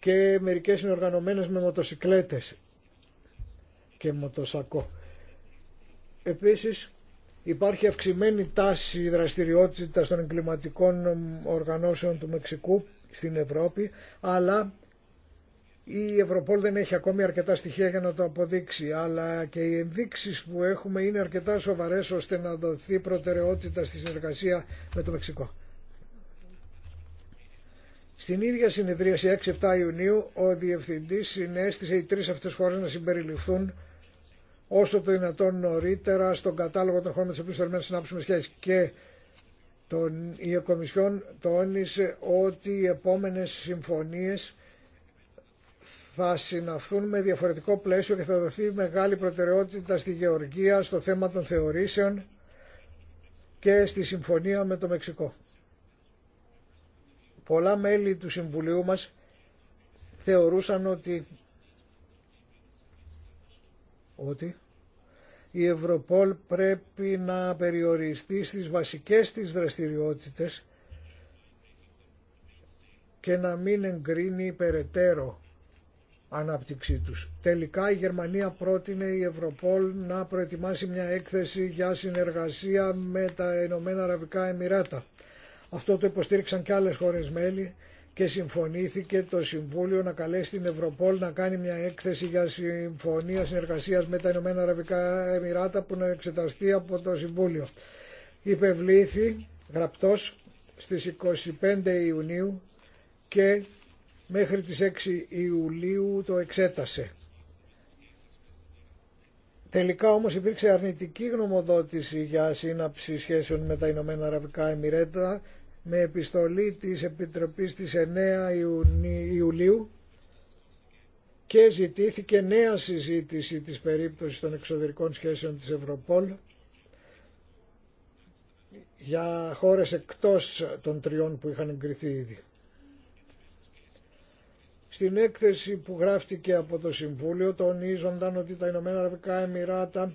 Και μερικές είναι οργανωμένες με μοτοσικλέτες και μοτοσακό. Επίσης υπάρχει αυξημένη τάση δραστηριότητα των εγκληματικών οργανώσεων του Μεξικού στην Ευρώπη, αλλά η Ευρωπόλ δεν έχει ακόμη αρκετά στοιχεία για να το αποδείξει, αλλά και οι ενδείξεις που έχουμε είναι αρκετά σοβαρές ώστε να δοθεί προτεραιότητα στη συνεργασία με το Μεξικό. Στην ίδια συνεδρίαση 6-7 Ιουνίου ο Διευθυντής συνέστησε οι τρεις αυτές χώρες να συμπεριληφθούν όσο το δυνατόν νωρίτερα στον κατάλογο των χώρων με τις οποίες θέλουμε να συνάψουμε σχέσεις και τον, η Κομισιόν τόνισε ότι οι επόμενες συμφωνίες θα συναυθούν με διαφορετικό πλαίσιο και θα δοθεί μεγάλη προτεραιότητα στη Γεωργία, στο θέμα των θεωρήσεων και στη συμφωνία με το Μεξικό. Πολλά μέλη του Συμβουλίου μας θεωρούσαν ότι ότι η Ευρωπόλ πρέπει να περιοριστεί στις βασικές της δραστηριότητες και να μην εγκρίνει περαιτέρω ανάπτυξή τους. Τελικά η Γερμανία πρότεινε η Ευρωπόλ να προετοιμάσει μια έκθεση για συνεργασία με τα Ηνωμένα Αραβικά Εμμυράτα. Αυτό το υποστήριξαν και άλλες χώρες μέλη και συμφωνήθηκε το Συμβούλιο να καλέσει την Ευρωπόλ να κάνει μια έκθεση για συμφωνία συνεργασίας με τα Ηνωμένα Αραβικά Εμμυράτα που να εξεταστεί από το Συμβούλιο. Υπευλήθη γραπτό στις 25 Ιουνίου και μέχρι τις 6 Ιουλίου το εξέτασε. Τελικά όμως υπήρξε αρνητική γνωμοδότηση για σύναψη σχέσεων με τα Ηνωμένα Αραβικά Εμμυρέτα με επιστολή της Επιτροπής της 9 Ιουλίου και ζητήθηκε νέα συζήτηση της περίπτωσης των εξωτερικών σχέσεων της Ευρωπόλ για χώρες εκτός των τριών που είχαν εγκριθεί ήδη. Στην έκθεση που γράφτηκε από το Συμβούλιο τονίζονταν ότι τα Ηνωμένα Αραβικά Εμμυράτα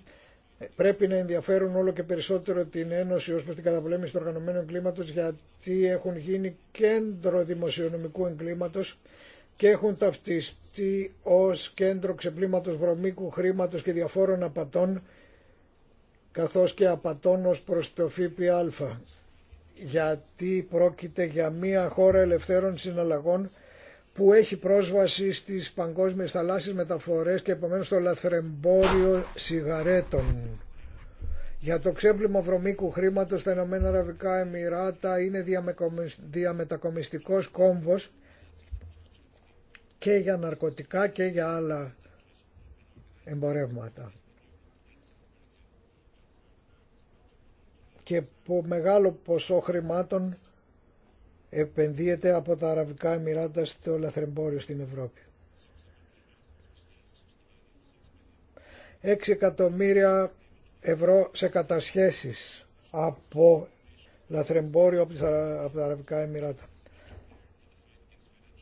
ε, πρέπει να ενδιαφέρουν όλο και περισσότερο την Ένωση ως προς την καταπολέμηση του οργανωμένου εγκλήματος γιατί έχουν γίνει κέντρο δημοσιονομικού εγκλήματος και έχουν ταυτιστεί ως κέντρο ξεπλήματος βρωμίκου χρήματος και διαφόρων απατών καθώς και απατών ως προς το ΦΠΑ γιατί πρόκειται για μία χώρα ελευθέρων συναλλαγών που έχει πρόσβαση στις παγκόσμιες θαλάσσιες μεταφορές και επομένως στο λαθρεμπόριο σιγαρέτων. Για το ξέπλυμα βρωμίκου χρήματος στα Ηνωμένα Αραβικά Εμμυράτα είναι διαμετακομιστικός κόμβος και για ναρκωτικά και για άλλα εμπορεύματα. Και μεγάλο ποσό χρημάτων επενδύεται από τα Αραβικά Εμμυράτα στο λαθρεμπόριο στην Ευρώπη. 6 εκατομμύρια ευρώ σε κατασχέσεις από λαθρεμπόριο από τα Αραβικά Εμμυράτα.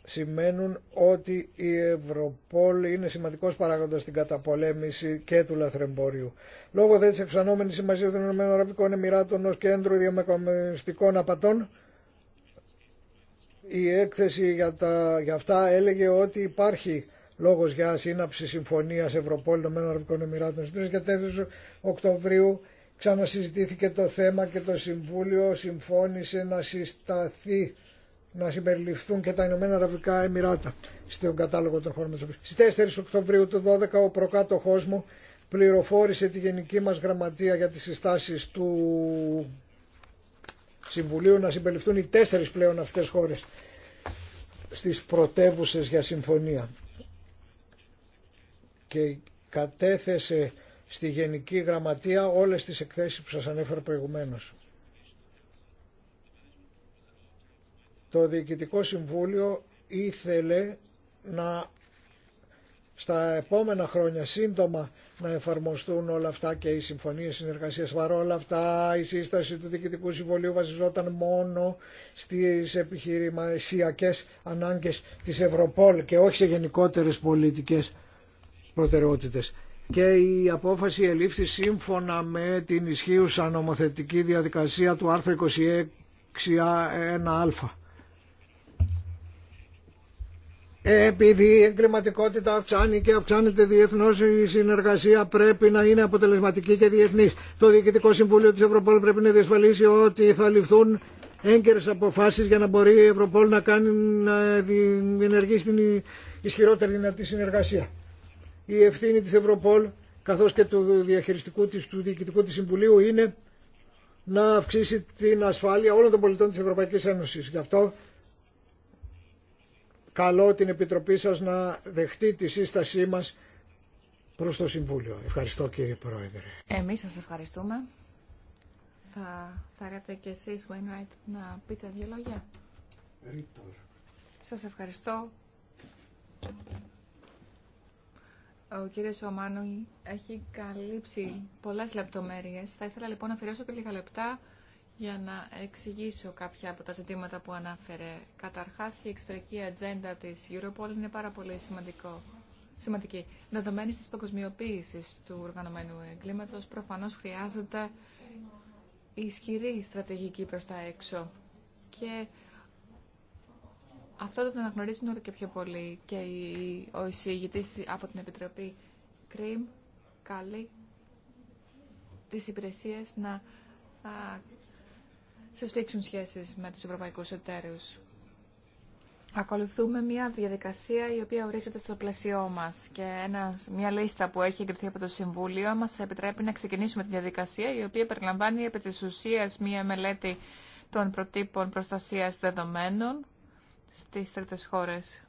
Σημαίνουν ότι η Ευρωπόλ είναι σημαντικός παράγοντας στην καταπολέμηση και του λαθρεμπόριου. Λόγω δε της αυξανόμενης σημασίας των Ηνωμένων Αραβικών ως κέντρο διαμεκομιστικών απατών, η έκθεση για, τα, για αυτά έλεγε ότι υπάρχει λόγος για σύναψη συμφωνίας Ευρωπόλ Αραβικών Εμμυράτων στις 4 Οκτωβρίου ξανασυζητήθηκε το θέμα και το Συμβούλιο συμφώνησε να συσταθεί να συμπεριληφθούν και τα Ηνωμένα Αραβικά Εμμυράτα στον κατάλογο των χώρων Στις 4 Οκτωβρίου του 12 ο προκάτοχός μου πληροφόρησε τη Γενική μας Γραμματεία για τις συστάσεις του Συμβουλίου να συμπεριληφθούν οι τέσσερις πλέον αυτές χώρες στις πρωτεύουσε για συμφωνία. Και κατέθεσε στη Γενική Γραμματεία όλες τις εκθέσεις που σας ανέφερα προηγουμένως. Το Διοικητικό Συμβούλιο ήθελε να στα επόμενα χρόνια σύντομα να εφαρμοστούν όλα αυτά και οι συμφωνίε συνεργασία. Παρόλα αυτά, η σύσταση του Διοικητικού Συμβολίου βασιζόταν μόνο στι επιχειρηματιακέ ανάγκε τη Ευρωπόλ και όχι σε γενικότερε πολιτικέ προτεραιότητε. Και η απόφαση ελήφθη σύμφωνα με την ισχύουσα νομοθετική διαδικασία του άρθρου 26α επειδή η εγκληματικότητα αυξάνει και αυξάνεται διεθνώ, η συνεργασία πρέπει να είναι αποτελεσματική και διεθνή. Το Διοικητικό Συμβούλιο τη Ευρωπόλ πρέπει να διασφαλίσει ότι θα ληφθούν έγκαιρε αποφάσει για να μπορεί η Ευρωπόλ να, κάνει, να ενεργήσει την ισχυρότερη δυνατή συνεργασία. Η ευθύνη τη Ευρωπόλ καθώ και του διαχειριστικού του διοικητικού τη Συμβουλίου είναι να αυξήσει την ασφάλεια όλων των πολιτών τη Ευρωπαϊκή Ένωση. Γι' αυτό Καλό την Επιτροπή σας να δεχτεί τη σύστασή μας προς το Συμβούλιο. Ευχαριστώ κύριε Πρόεδρε. Εμείς σας ευχαριστούμε. Θα θέλετε και εσείς, Wainwright, να πείτε δύο λόγια. Σας ευχαριστώ. Ο κύριος Ομάνου έχει καλύψει πολλές λεπτομέρειες. Θα ήθελα λοιπόν να αφιερώσω και λίγα λεπτά για να εξηγήσω κάποια από τα ζητήματα που ανάφερε. Καταρχάς, η εξωτερική ατζέντα της Europol είναι πάρα πολύ σημαντικό. Σημαντική. Δεδομένη της παγκοσμιοποίηση του οργανωμένου εγκλήματο, προφανώς χρειάζεται ισχυρή στρατηγική προ τα έξω. Και αυτό το αναγνωρίζουν όλο και πιο πολύ. Και ο εισηγητής από την Επιτροπή ΚΡΙΜ καλεί τι υπηρεσίε να σφίξουν σχέσεις με τους ευρωπαϊκούς εταίρους. Ακολουθούμε μια διαδικασία η οποία ορίζεται στο πλαίσιό μας και μια λίστα που έχει εγκριθεί από το Συμβούλιο μας επιτρέπει να ξεκινήσουμε τη διαδικασία η οποία περιλαμβάνει επί της ουσίας μια μελέτη των προτύπων προστασίας δεδομένων στις τρίτες χώρες.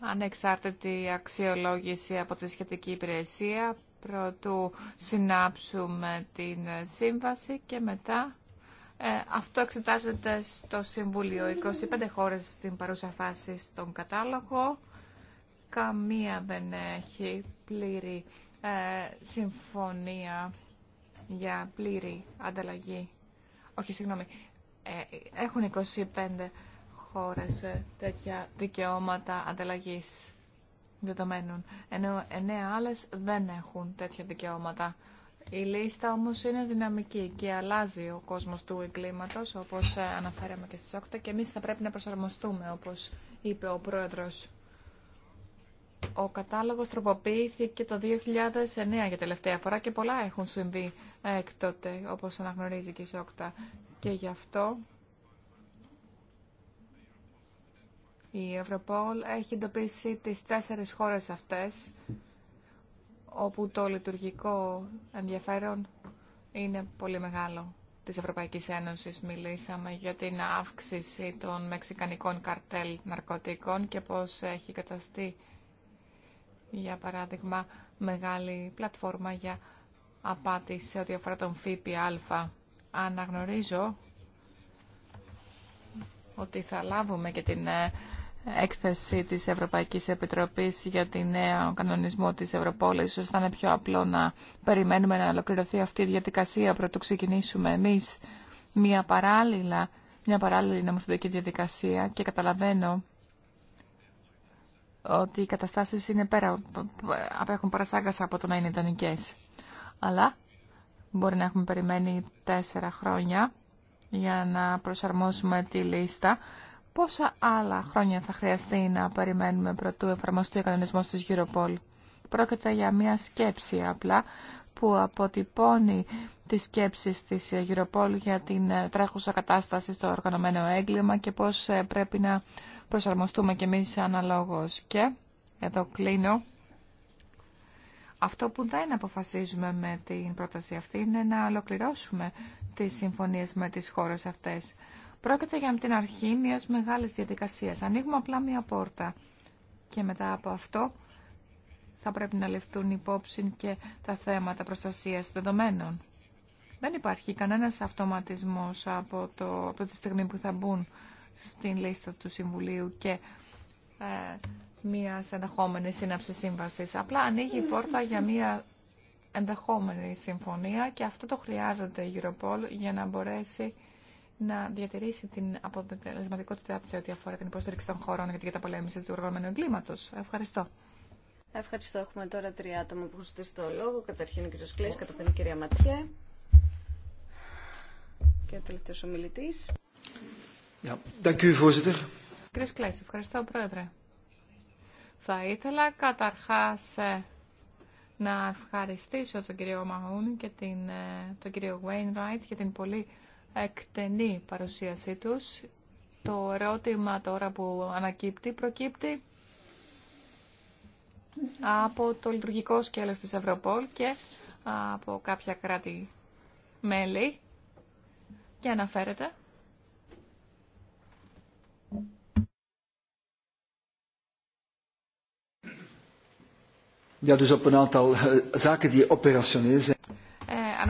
Ανεξάρτητη αξιολόγηση από τη σχετική υπηρεσία πρωτού συνάψουμε την σύμβαση και μετά ε, αυτό εξετάζεται στο Συμβούλιο. 25 χώρες στην παρούσα φάση στον κατάλογο. Καμία δεν έχει πλήρη ε, συμφωνία για πλήρη ανταλλαγή. Όχι, συγγνώμη. Ε, έχουν 25 χώρες τέτοια δικαιώματα ανταλλαγής δεδομένων, ενώ εννέα άλλες δεν έχουν τέτοια δικαιώματα. Η λίστα όμως είναι δυναμική και αλλάζει ο κόσμος του εγκλήματος, όπως ε, αναφέραμε και στις 8, και εμείς θα πρέπει να προσαρμοστούμε, όπως είπε ο Πρόεδρος. Ο κατάλογος τροποποιήθηκε το 2009 για τελευταία φορά και πολλά έχουν συμβεί ε, τότε όπως αναγνωρίζει και η ΣΟΚΤΑ. Και γι' αυτό Η Ευρωπόλ έχει εντοπίσει τις τέσσερις χώρες αυτές όπου το λειτουργικό ενδιαφέρον είναι πολύ μεγάλο της Ευρωπαϊκής Ένωσης. Μιλήσαμε για την αύξηση των μεξικανικών καρτέλ ναρκωτικών και πώς έχει καταστεί, για παράδειγμα, μεγάλη πλατφόρμα για απάτη σε ό,τι αφορά τον ΦΠΑ. Αναγνωρίζω ότι θα λάβουμε και την ε, έκθεση της Ευρωπαϊκής Επιτροπής για τη νέα κανονισμό της Ευρωπόλης. Ίσως θα είναι πιο απλό να περιμένουμε να ολοκληρωθεί αυτή η διαδικασία το ξεκινήσουμε εμείς μια, παράλληλα, μια παράλληλη νομοθετική διαδικασία και καταλαβαίνω ότι οι καταστάσεις είναι πέρα, απέχουν παρασάγκασα από το να είναι ιδανικέ. Αλλά μπορεί να έχουμε περιμένει τέσσερα χρόνια για να προσαρμόσουμε τη λίστα Πόσα άλλα χρόνια θα χρειαστεί να περιμένουμε προτού εφαρμοστεί ο κανονισμός της Europol. Πρόκειται για μια σκέψη απλά που αποτυπώνει τις σκέψεις της Europol για την ε, τρέχουσα κατάσταση στο οργανωμένο έγκλημα και πώς ε, πρέπει να προσαρμοστούμε και εμείς αναλόγως. Και εδώ κλείνω. Αυτό που δεν αποφασίζουμε με την πρόταση αυτή είναι να ολοκληρώσουμε τις συμφωνίες με τις χώρες αυτές. Πρόκειται για την αρχή μιας μεγάλης διαδικασίας. Ανοίγουμε απλά μία πόρτα και μετά από αυτό θα πρέπει να ληφθούν υπόψη και τα θέματα προστασίας δεδομένων. Δεν υπάρχει κανένας αυτοματισμός από, το, από τη στιγμή που θα μπουν στην λίστα του Συμβουλίου και ε, μια ενδεχόμενη σύναψη σύμβαση. Απλά ανοίγει η πόρτα για μια ενδεχόμενη συμφωνία και αυτό το χρειάζεται η Europol για να μπορέσει να διατηρήσει την αποτελεσματικότητά τη ό,τι αφορά την υποστήριξη των χωρών για την καταπολέμηση του οργανωμένου εγκλήματο. Ευχαριστώ. Ευχαριστώ. Έχουμε τώρα τρία άτομα που έχουν στήσει το λόγο. Καταρχήν ο κ. Κλέη, κατόπιν η κυρία Ματιέ και ο τελευταίο ομιλητή. Κ. Κλέη, ευχαριστώ, Πρόεδρε. Θα ήθελα καταρχά ε, να ευχαριστήσω τον κύριο Μαούν και την, ε, τον κύριο Ράιτ για την πολύ εκτενή παρουσίασή τους. Το ερώτημα τώρα που ανακύπτει προκύπτει από το λειτουργικό σκέλος της Ευρωπόλ και από κάποια κράτη-μέλη και αναφέρεται Ja, dus op een aantal zaken die operationeel zijn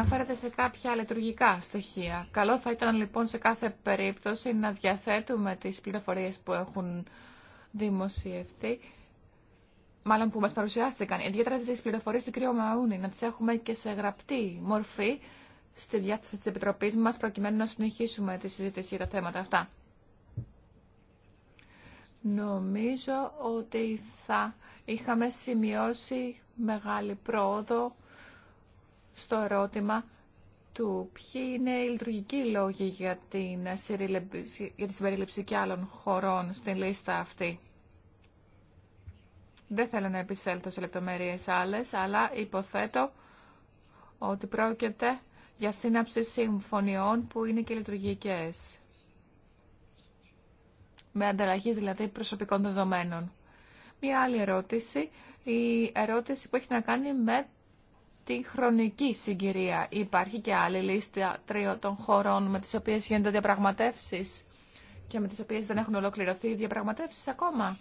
αναφέρεται σε κάποια λειτουργικά στοιχεία. Καλό θα ήταν λοιπόν σε κάθε περίπτωση να διαθέτουμε τις πληροφορίες που έχουν δημοσιευτεί, μάλλον που μας παρουσιάστηκαν, ιδιαίτερα τις πληροφορίες του κ. Μαούνη, να τις έχουμε και σε γραπτή μορφή στη διάθεση της Επιτροπής μας, προκειμένου να συνεχίσουμε τη συζήτηση για τα θέματα αυτά. Νομίζω ότι θα είχαμε σημειώσει μεγάλη πρόοδο στο ερώτημα του ποιοι είναι οι λειτουργικοί λόγοι για, την, για τη συμπερίληψη και άλλων χωρών στην λίστα αυτή. Δεν θέλω να επισέλθω σε λεπτομέρειες άλλες, αλλά υποθέτω ότι πρόκειται για σύναψη συμφωνιών που είναι και λειτουργικές. Με ανταλλαγή δηλαδή προσωπικών δεδομένων. Μία άλλη ερώτηση, η ερώτηση που έχει να κάνει με τη χρονική συγκυρία. Υπάρχει και άλλη λίστα τρίων των χωρών με τις οποίες γίνονται διαπραγματεύσεις και με τις οποίες δεν έχουν ολοκληρωθεί οι διαπραγματεύσεις ακόμα.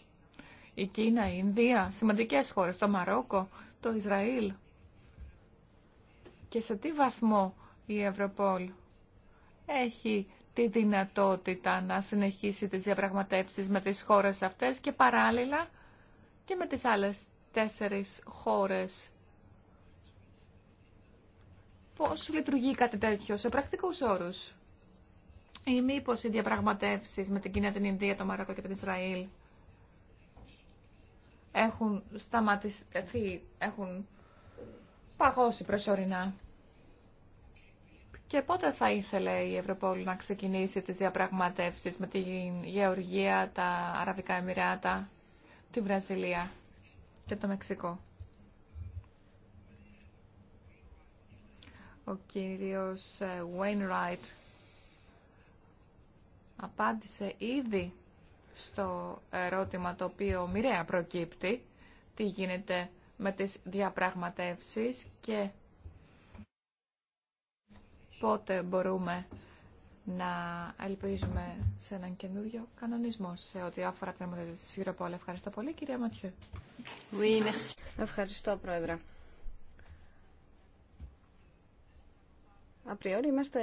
Η Κίνα, η Ινδία, σημαντικές χώρες, το Μαρόκο, το Ισραήλ. Και σε τι βαθμό η Ευρωπόλ έχει τη δυνατότητα να συνεχίσει τις διαπραγματεύσεις με τις χώρες αυτές και παράλληλα και με τις άλλες τέσσερις χώρες Πώς λειτουργεί κάτι τέτοιο σε πρακτικούς όρους. Ή μήπω οι διαπραγματεύσει με την Κίνα, την Ινδία, το Μαρακό και την Ισραήλ έχουν σταματηθεί, έχουν παγώσει προσωρινά. Και πότε θα ήθελε η Ευρωπόλη να ξεκινήσει τις διαπραγματεύσεις με την Γεωργία, τα Αραβικά Εμμυράτα, τη Βραζιλία και το Μεξικό. Ο κύριος ε, Wainwright απάντησε ήδη στο ερώτημα το οποίο μοιραία προκύπτει, τι γίνεται με τις διαπραγματεύσεις και πότε μπορούμε να ελπίζουμε σε έναν καινούριο κανονισμό σε ό,τι αφορά την τη της Ευχαριστώ πολύ, κυρία Ματιού. Ευχαριστώ, Πρόεδρε. Απριόρι είμαστε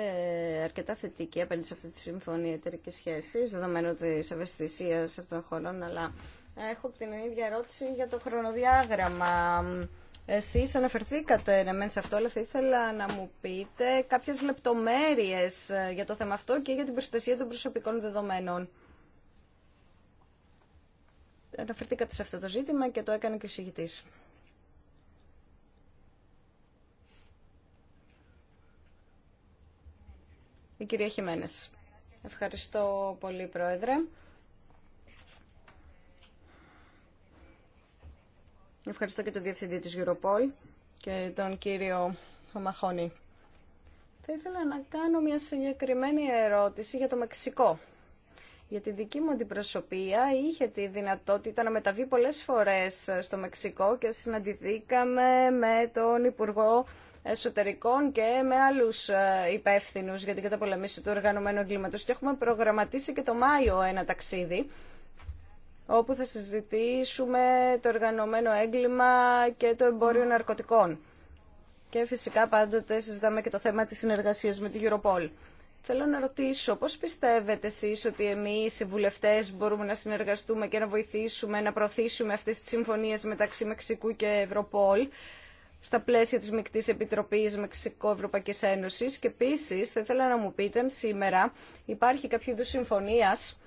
αρκετά θετικοί απέναντι σε αυτή τη συμφωνία εταιρική σχέση, δεδομένου τη ευαισθησία αυτών των χωρών, αλλά έχω την ίδια ερώτηση για το χρονοδιάγραμμα. Εσεί αναφερθήκατε ναι, σε αυτό, αλλά θα ήθελα να μου πείτε κάποιε λεπτομέρειε για το θέμα αυτό και για την προστασία των προσωπικών δεδομένων. Αναφερθήκατε σε αυτό το ζήτημα και το έκανε και ο συγητής. η κυρία Χιμένες. Ευχαριστώ πολύ, Πρόεδρε. Ευχαριστώ και τον Διευθυντή της Europol και τον κύριο Μαχώνη. Θα ήθελα να κάνω μια συγκεκριμένη ερώτηση για το Μεξικό. Γιατί τη δική μου αντιπροσωπεία είχε τη δυνατότητα να μεταβεί πολλές φορές στο Μεξικό και συναντηθήκαμε με τον Υπουργό εσωτερικών και με άλλου ε, υπεύθυνου για την καταπολεμήση του οργανωμένου εγκλήματο. και έχουμε προγραμματίσει και το Μάιο ένα ταξίδι όπου θα συζητήσουμε το οργανωμένο έγκλημα και το εμπόριο ναρκωτικών. Και φυσικά πάντοτε συζητάμε και το θέμα της συνεργασίας με την Europol. Θέλω να ρωτήσω, πώς πιστεύετε εσείς ότι εμείς οι βουλευτές μπορούμε να συνεργαστούμε και να βοηθήσουμε, να προωθήσουμε αυτές τις συμφωνίες μεταξύ Μεξικού και Ευρωπόλ, στα πλαίσια της Μικτής Επιτροπής Μεξικό-Ευρωπαϊκής Ένωσης και επίση, θα ήθελα να μου πείτε αν σήμερα υπάρχει κάποιο είδου συμφωνίας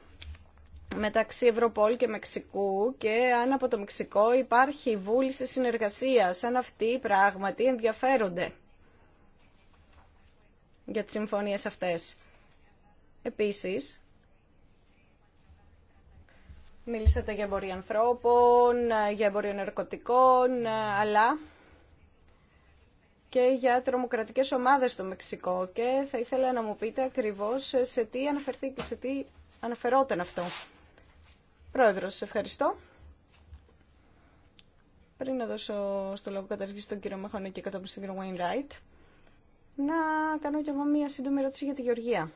μεταξύ Ευρωπόλ και Μεξικού και αν από το Μεξικό υπάρχει βούληση συνεργασίας, αν αυτοί πράγματι ενδιαφέρονται για τις συμφωνίες αυτές. Επίσης, μίλησατε για εμπορία ανθρώπων, για εμπορία ναρκωτικών, αλλά και για τρομοκρατικές ομάδες στο Μεξικό και θα ήθελα να μου πείτε ακριβώς σε τι, αναφερθεί, σε τι αναφερόταν αυτό. Πρόεδρος, σε ευχαριστώ. Πριν να δώσω στο λόγο καταρχήν στον κύριο Μαχωνή και κατόπιν στον κύριο Ράιτ να κάνω κι εγώ μία σύντομη ερώτηση για τη Γεωργία.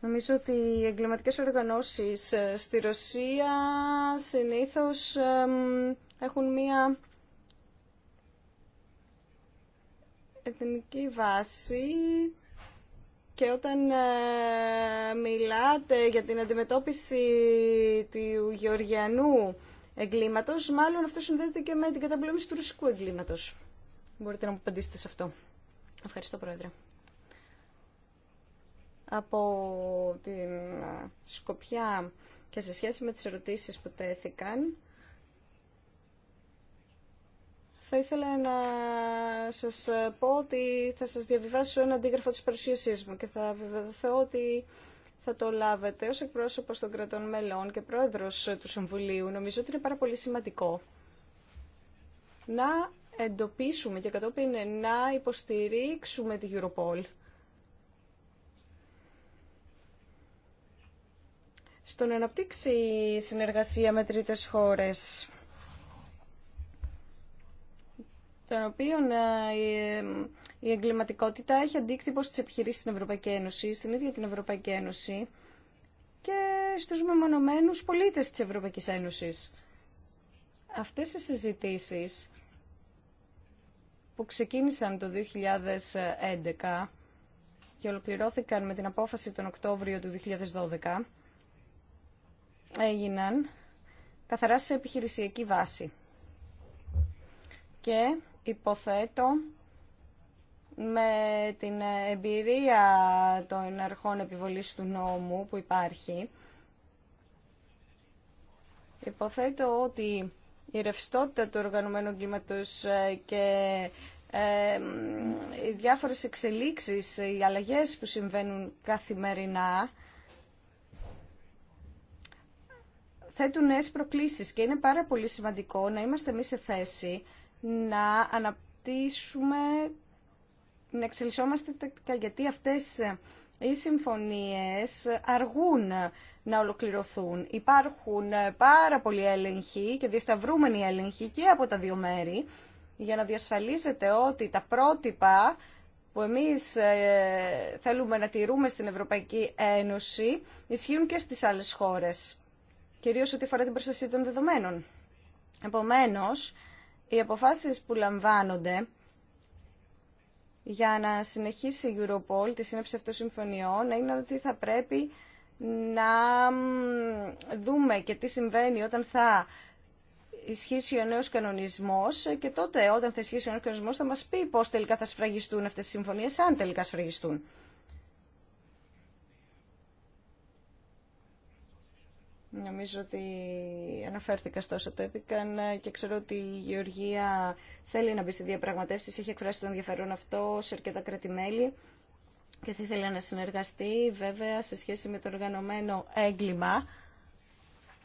Νομίζω ότι οι εγκληματικές οργανώσεις ε, στη Ρωσία συνήθως έχουν μία εθνική βάση και όταν ε, μιλάτε για την αντιμετώπιση του γεωργιανού εγκλήματος, μάλλον αυτό συνδέεται και με την καταπληρωμή του ρωσικού εγκλήματος. Μπορείτε να μου απαντήσετε σε αυτό. Ευχαριστώ, Πρόεδρε. Από την Σκοπιά και σε σχέση με τις ερωτήσεις που τέθηκαν, θα ήθελα να σας πω ότι θα σας διαβιβάσω ένα αντίγραφο της παρουσίασής μου και θα βεβαιωθώ ότι θα το λάβετε ως εκπρόσωπος των κρατών μελών και πρόεδρος του Συμβουλίου. Νομίζω ότι είναι πάρα πολύ σημαντικό να εντοπίσουμε και κατόπιν να υποστηρίξουμε τη Europol. Στον αναπτύξει συνεργασία με τρίτες χώρες. των οποίων ε, η εγκληματικότητα έχει αντίκτυπο στις επιχειρήσεις στην Ευρωπαϊκή Ένωση, στην ίδια την Ευρωπαϊκή Ένωση και στους μεμονωμένους πολίτες της Ευρωπαϊκής Ένωσης. Αυτές οι συζητήσεις που ξεκίνησαν το 2011 και ολοκληρώθηκαν με την απόφαση τον Οκτώβριο του 2012 έγιναν καθαρά σε επιχειρησιακή βάση. Και υποθέτω με την εμπειρία των αρχών επιβολής του νόμου που υπάρχει, υποθέτω ότι η ρευστότητα του οργανωμένου κλίματος ε, και ε, οι διάφορες εξελίξεις, οι αλλαγές που συμβαίνουν καθημερινά, θέτουν νέες προκλήσεις και είναι πάρα πολύ σημαντικό να είμαστε εμείς σε θέση να αναπτύσσουμε, να εξελισσόμαστε γιατί αυτές οι συμφωνίες αργούν να ολοκληρωθούν. Υπάρχουν πάρα πολλοί έλεγχοι και διασταυρούμενοι έλεγχοι και από τα δύο μέρη για να διασφαλίζεται ότι τα πρότυπα που εμείς ε, θέλουμε να τηρούμε στην Ευρωπαϊκή Ένωση ισχύουν και στις άλλες χώρες, κυρίως ό,τι αφορά την προστασία των δεδομένων. Επομένως, οι αποφάσεις που λαμβάνονται για να συνεχίσει η Europol τη σύνέψη αυτών συμφωνιών είναι ότι θα πρέπει να δούμε και τι συμβαίνει όταν θα ισχύσει ο νέος κανονισμός και τότε όταν θα ισχύσει ο νέος κανονισμός θα μας πει πώς τελικά θα σφραγιστούν αυτές οι συμφωνίες, αν τελικά σφραγιστούν. Νομίζω ότι αναφέρθηκα στο όσο το ναι, και ξέρω ότι η Γεωργία θέλει να μπει στη διαπραγματεύση. έχει εκφράσει τον ενδιαφέρον αυτό σε αρκετά κρατημέλη και θα ήθελα να συνεργαστεί βέβαια σε σχέση με το οργανωμένο έγκλημα.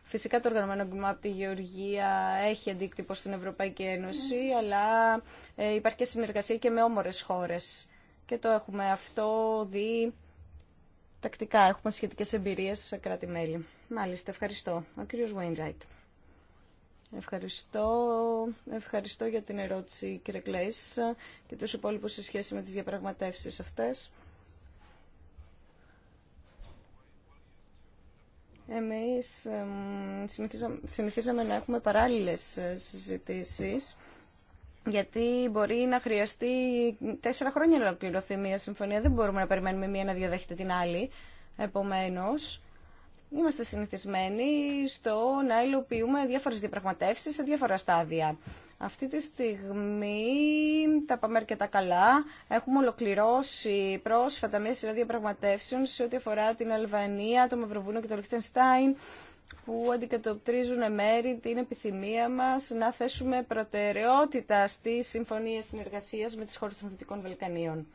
Φυσικά το οργανωμένο έγκλημα από τη Γεωργία έχει αντίκτυπο στην Ευρωπαϊκή Ένωση, ναι. αλλά ε, υπάρχει και συνεργασία και με όμορες χώρες. Και το έχουμε αυτό δει τακτικά. Έχουμε σχετικές εμπειρίες σε κράτη-μέλη. Μάλιστα, ευχαριστώ. Ο κύριος Wainwright. Ευχαριστώ. Ευχαριστώ για την ερώτηση, κύριε Κλέης, και τους υπόλοιπους σε σχέση με τις διαπραγματεύσεις αυτές. Εμείς συνηθίζαμε να έχουμε παράλληλες ε, συζητήσεις γιατί μπορεί να χρειαστεί τέσσερα χρόνια να ολοκληρωθεί μια συμφωνία. Δεν μπορούμε να περιμένουμε μία να διαδέχεται την άλλη. Επομένω. είμαστε συνηθισμένοι στο να υλοποιούμε διάφορε διαπραγματεύσει σε διάφορα στάδια. Αυτή τη στιγμή τα πάμε αρκετά καλά. Έχουμε ολοκληρώσει πρόσφατα μια σειρά διαπραγματεύσεων σε ό,τι αφορά την Αλβανία, το Μαυροβούνιο και το Λιχτενστάιν που αντικατοπτρίζουν μέρη την επιθυμία μας να θέσουμε προτεραιότητα στη συμφωνία συνεργασίας με τις χώρες των Δυτικών Βαλκανίων.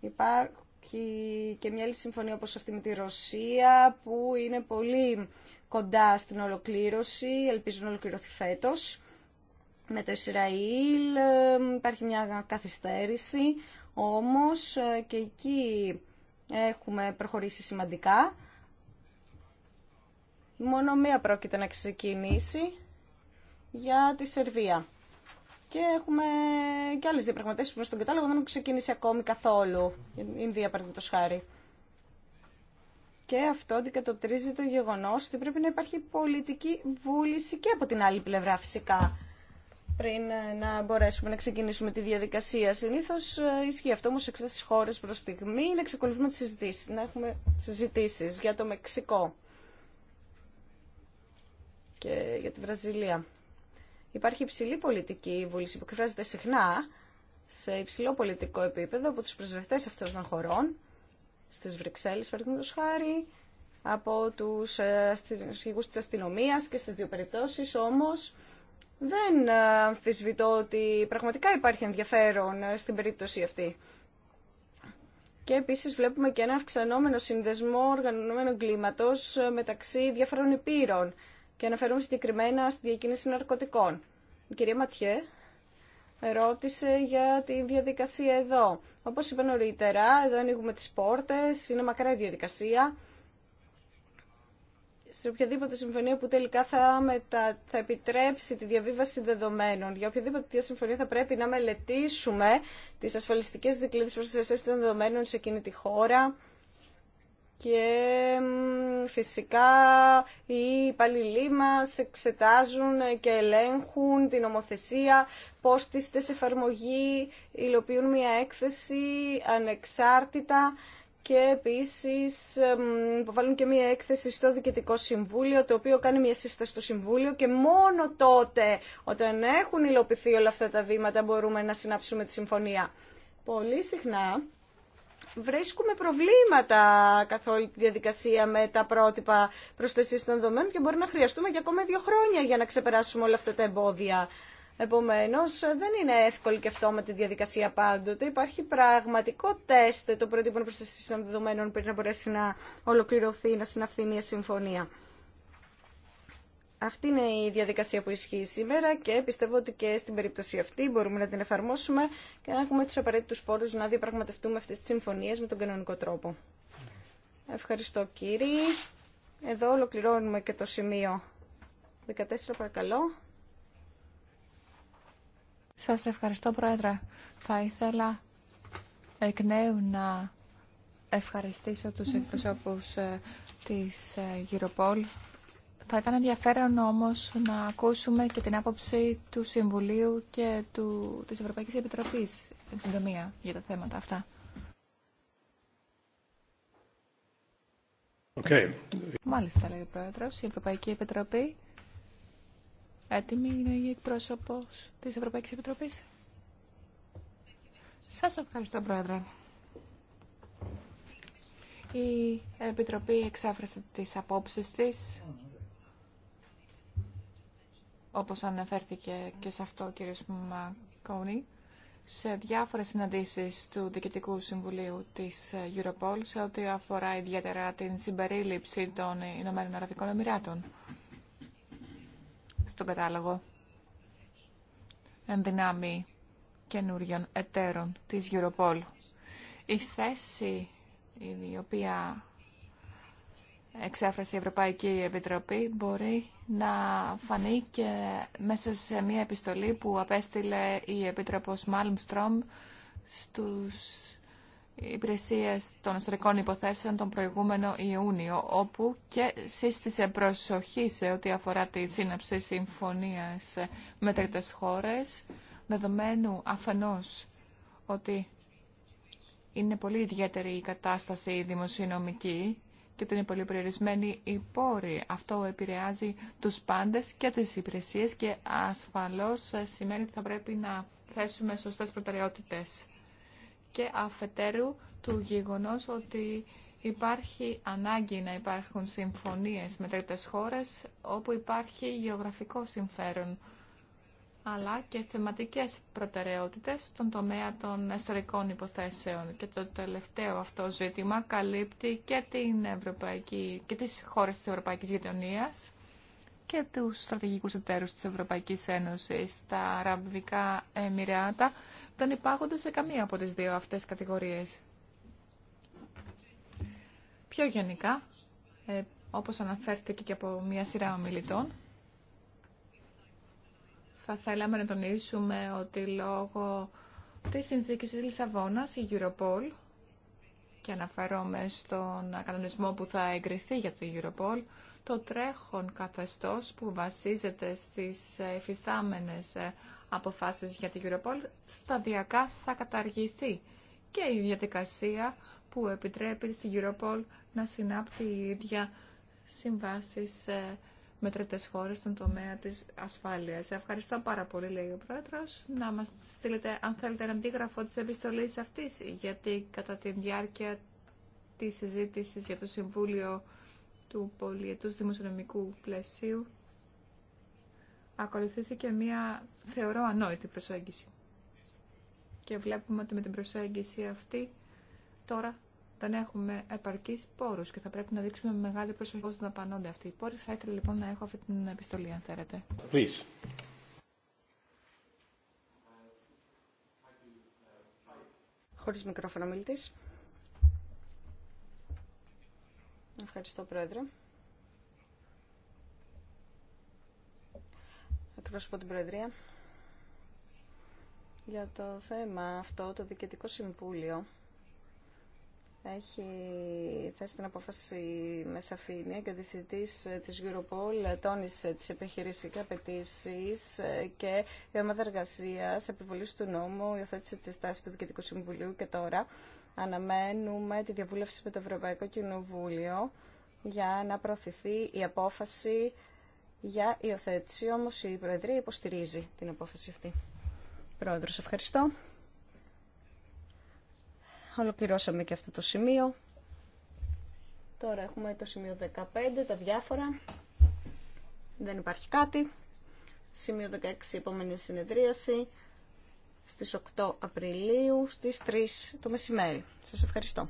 Υπάρχει και μια άλλη συμφωνία όπως αυτή με τη Ρωσία που είναι πολύ κοντά στην ολοκλήρωση, ελπίζω να ολοκληρωθεί φέτος. Με το Ισραήλ υπάρχει μια καθυστέρηση, όμως ε, και εκεί έχουμε προχωρήσει σημαντικά μόνο μία πρόκειται να ξεκινήσει για τη Σερβία. Και έχουμε και άλλε διαπραγματεύσει που τον κατάλογο δεν έχουν ξεκινήσει ακόμη καθόλου. Η Ινδία, παραδείγματο χάρη. Και αυτό αντικατοπτρίζει το γεγονό ότι πρέπει να υπάρχει πολιτική βούληση και από την άλλη πλευρά φυσικά πριν ε, να μπορέσουμε να ξεκινήσουμε τη διαδικασία. Συνήθω ε, ισχύει αυτό όμω σε αυτέ χώρε προ στιγμή. Να έχουμε τι συζητήσει για το Μεξικό και για τη Βραζιλία. Υπάρχει υψηλή πολιτική βούληση που εκφράζεται συχνά σε υψηλό πολιτικό επίπεδο από τους πρεσβευτές αυτών των χωρών, στις Βρυξέλλες, παραδείγματο χάρη, από τους ε, αρχηγούς τη αστυνομία και στι δύο περιπτώσει, όμως δεν ε, αμφισβητώ ότι πραγματικά υπάρχει ενδιαφέρον ε, στην περίπτωση αυτή. Και επίσης βλέπουμε και ένα αυξανόμενο συνδεσμό οργανωμένων κλίματος μεταξύ διάφορων υπήρων και αναφέρουμε συγκεκριμένα στη διακίνηση ναρκωτικών. Η κυρία Ματιέ ρώτησε για τη διαδικασία εδώ. Όπως είπα νωρίτερα, εδώ ανοίγουμε τις πόρτες, είναι μακρά η διαδικασία. Σε οποιαδήποτε συμφωνία που τελικά θα, μετα... θα επιτρέψει τη διαβίβαση δεδομένων, για οποιαδήποτε συμφωνία θα πρέπει να μελετήσουμε τις ασφαλιστικές δικλείδες προστασίας των δεδομένων σε εκείνη τη χώρα και φυσικά οι υπαλληλοί μας εξετάζουν και ελέγχουν την ομοθεσία, πώς τίθεται σε εφαρμογή, υλοποιούν μια έκθεση ανεξάρτητα και επίσης υποβάλλουν και μια έκθεση στο Διοικητικό Συμβούλιο, το οποίο κάνει μια σύσταση στο Συμβούλιο και μόνο τότε όταν έχουν υλοποιηθεί όλα αυτά τα βήματα μπορούμε να συνάψουμε τη συμφωνία. Πολύ συχνά βρίσκουμε προβλήματα καθ' όλη τη διαδικασία με τα πρότυπα προστασία των δεδομένων και μπορεί να χρειαστούμε και ακόμα δύο χρόνια για να ξεπεράσουμε όλα αυτά τα εμπόδια. Επομένω, δεν είναι εύκολη και αυτό με τη διαδικασία πάντοτε. Υπάρχει πραγματικό τεστ των πρότυπο προστασία των δεδομένων πριν να μπορέσει να ολοκληρωθεί, να συναυθεί μια συμφωνία. Αυτή είναι η διαδικασία που ισχύει σήμερα και πιστεύω ότι και στην περίπτωση αυτή μπορούμε να την εφαρμόσουμε και να έχουμε τους απαραίτητους πόρους να διαπραγματευτούμε αυτές τις συμφωνίες με τον κανονικό τρόπο. Ευχαριστώ κύριοι. Εδώ ολοκληρώνουμε και το σημείο 14 παρακαλώ. Σας ευχαριστώ Πρόεδρε. Θα ήθελα εκ νέου να ευχαριστήσω τους εκπροσώπους ε, της ε, Europol θα ήταν ενδιαφέρον όμως να ακούσουμε και την άποψη του Συμβουλίου και του, της Ευρωπαϊκής Επιτροπής εν για τα θέματα αυτά. Okay. Μάλιστα, λέει ο Πρόεδρος, η Ευρωπαϊκή Επιτροπή έτοιμη είναι η εκπρόσωπο της Ευρωπαϊκής Επιτροπής. Σας ευχαριστώ, Πρόεδρε. Η Επιτροπή εξάφρασε τις απόψεις της όπως αναφέρθηκε και σε αυτό ο κ. Μακόνη, σε διάφορες συναντήσεις του Διοικητικού Συμβουλίου της ε, Europol σε ό,τι αφορά ιδιαίτερα την συμπερίληψη των Ηνωμένων Αραβικών Εμμυράτων στον κατάλογο εν δυνάμει καινούριων εταίρων της Europol. Η θέση η οποία εξέφρασε η Ευρωπαϊκή Επιτροπή μπορεί να φανεί και μέσα σε μια επιστολή που απέστειλε η Επίτροπος Μάλμστρομ στους υπηρεσίες των ιστορικών υποθέσεων τον προηγούμενο Ιούνιο, όπου και σύστησε προσοχή σε ό,τι αφορά τη σύναψη συμφωνίας με τρίτες χώρες, δεδομένου αφενός ότι είναι πολύ ιδιαίτερη η κατάσταση δημοσιονομική και την είναι πολύ πόρη. Αυτό επηρεάζει τους πάντες και τις υπηρεσίες και ασφαλώς ε, σημαίνει ότι θα πρέπει να θέσουμε σωστές προτεραιότητες. Και αφετέρου του γεγονός ότι υπάρχει ανάγκη να υπάρχουν συμφωνίες με τρίτες χώρες όπου υπάρχει γεωγραφικό συμφέρον αλλά και θεματικές προτεραιότητες στον τομέα των ιστορικών υποθέσεων. Και το τελευταίο αυτό ζήτημα καλύπτει και, την Ευρωπαϊκή, και τις χώρες της Ευρωπαϊκής Γειτονίας και του στρατηγικούς εταίρους της Ευρωπαϊκής Ένωσης. Τα Αραβικά Εμμυράτα δεν υπάγονται σε καμία από τις δύο αυτές κατηγορίες. Πιο γενικά, ε, όπως αναφέρθηκε και από μια σειρά ομιλητών, θα θέλαμε να τονίσουμε ότι λόγω της συνθήκης της Λισαβόνας, η Europol, και αναφέρομαι στον κανονισμό που θα εγκριθεί για το Europol, το τρέχον καθεστώς που βασίζεται στις εφιστάμενες αποφάσεις για την Europol σταδιακά θα καταργηθεί και η διαδικασία που επιτρέπει στην Europol να συνάπτει η ίδια συμβάσεις ε, με τρίτες χώρες στον τομέα της ασφάλειας. Ευχαριστώ πάρα πολύ, λέει ο Πρόεδρος, να μας στείλετε, αν θέλετε, ένα αντίγραφο της επιστολής αυτής, γιατί κατά τη διάρκεια της συζήτηση για το Συμβούλιο του Πολιετούς Δημοσιονομικού Πλαισίου, ακολουθήθηκε μία, θεωρώ, ανόητη προσέγγιση. Και βλέπουμε ότι με την προσέγγιση αυτή τώρα δεν έχουμε επαρκείς πόρου και θα πρέπει να δείξουμε μεγάλη προσοχή πώ πανώνται αυτοί οι πόροι. Θα ήθελα λοιπόν να έχω αυτή την επιστολή, αν θέλετε. Please. Χωρίς μικρόφωνο μιλητής. Ευχαριστώ, Πρόεδρε. Εκπρόσωπο την Προεδρία. Για το θέμα αυτό, το Διοικητικό Συμβούλιο έχει θέσει την απόφαση με σαφήνεια και ο διευθυντή ε, τη Europol ε, τόνισε τι και απαιτήσει ε, και η ομάδα εργασία επιβολή του νόμου υιοθέτησε τη στάση του Διοικητικού Συμβουλίου και τώρα αναμένουμε τη διαβούλευση με το Ευρωπαϊκό Κοινοβούλιο για να προωθηθεί η απόφαση για υιοθέτηση. Όμω η Προεδρία υποστηρίζει την απόφαση αυτή. Πρόεδρος, ευχαριστώ. Ολοκληρώσαμε και αυτό το σημείο. Τώρα έχουμε το σημείο 15, τα διάφορα. Δεν υπάρχει κάτι. Σημείο 16, επόμενη συνεδρίαση στις 8 Απριλίου στις 3 το μεσημέρι. Σας ευχαριστώ.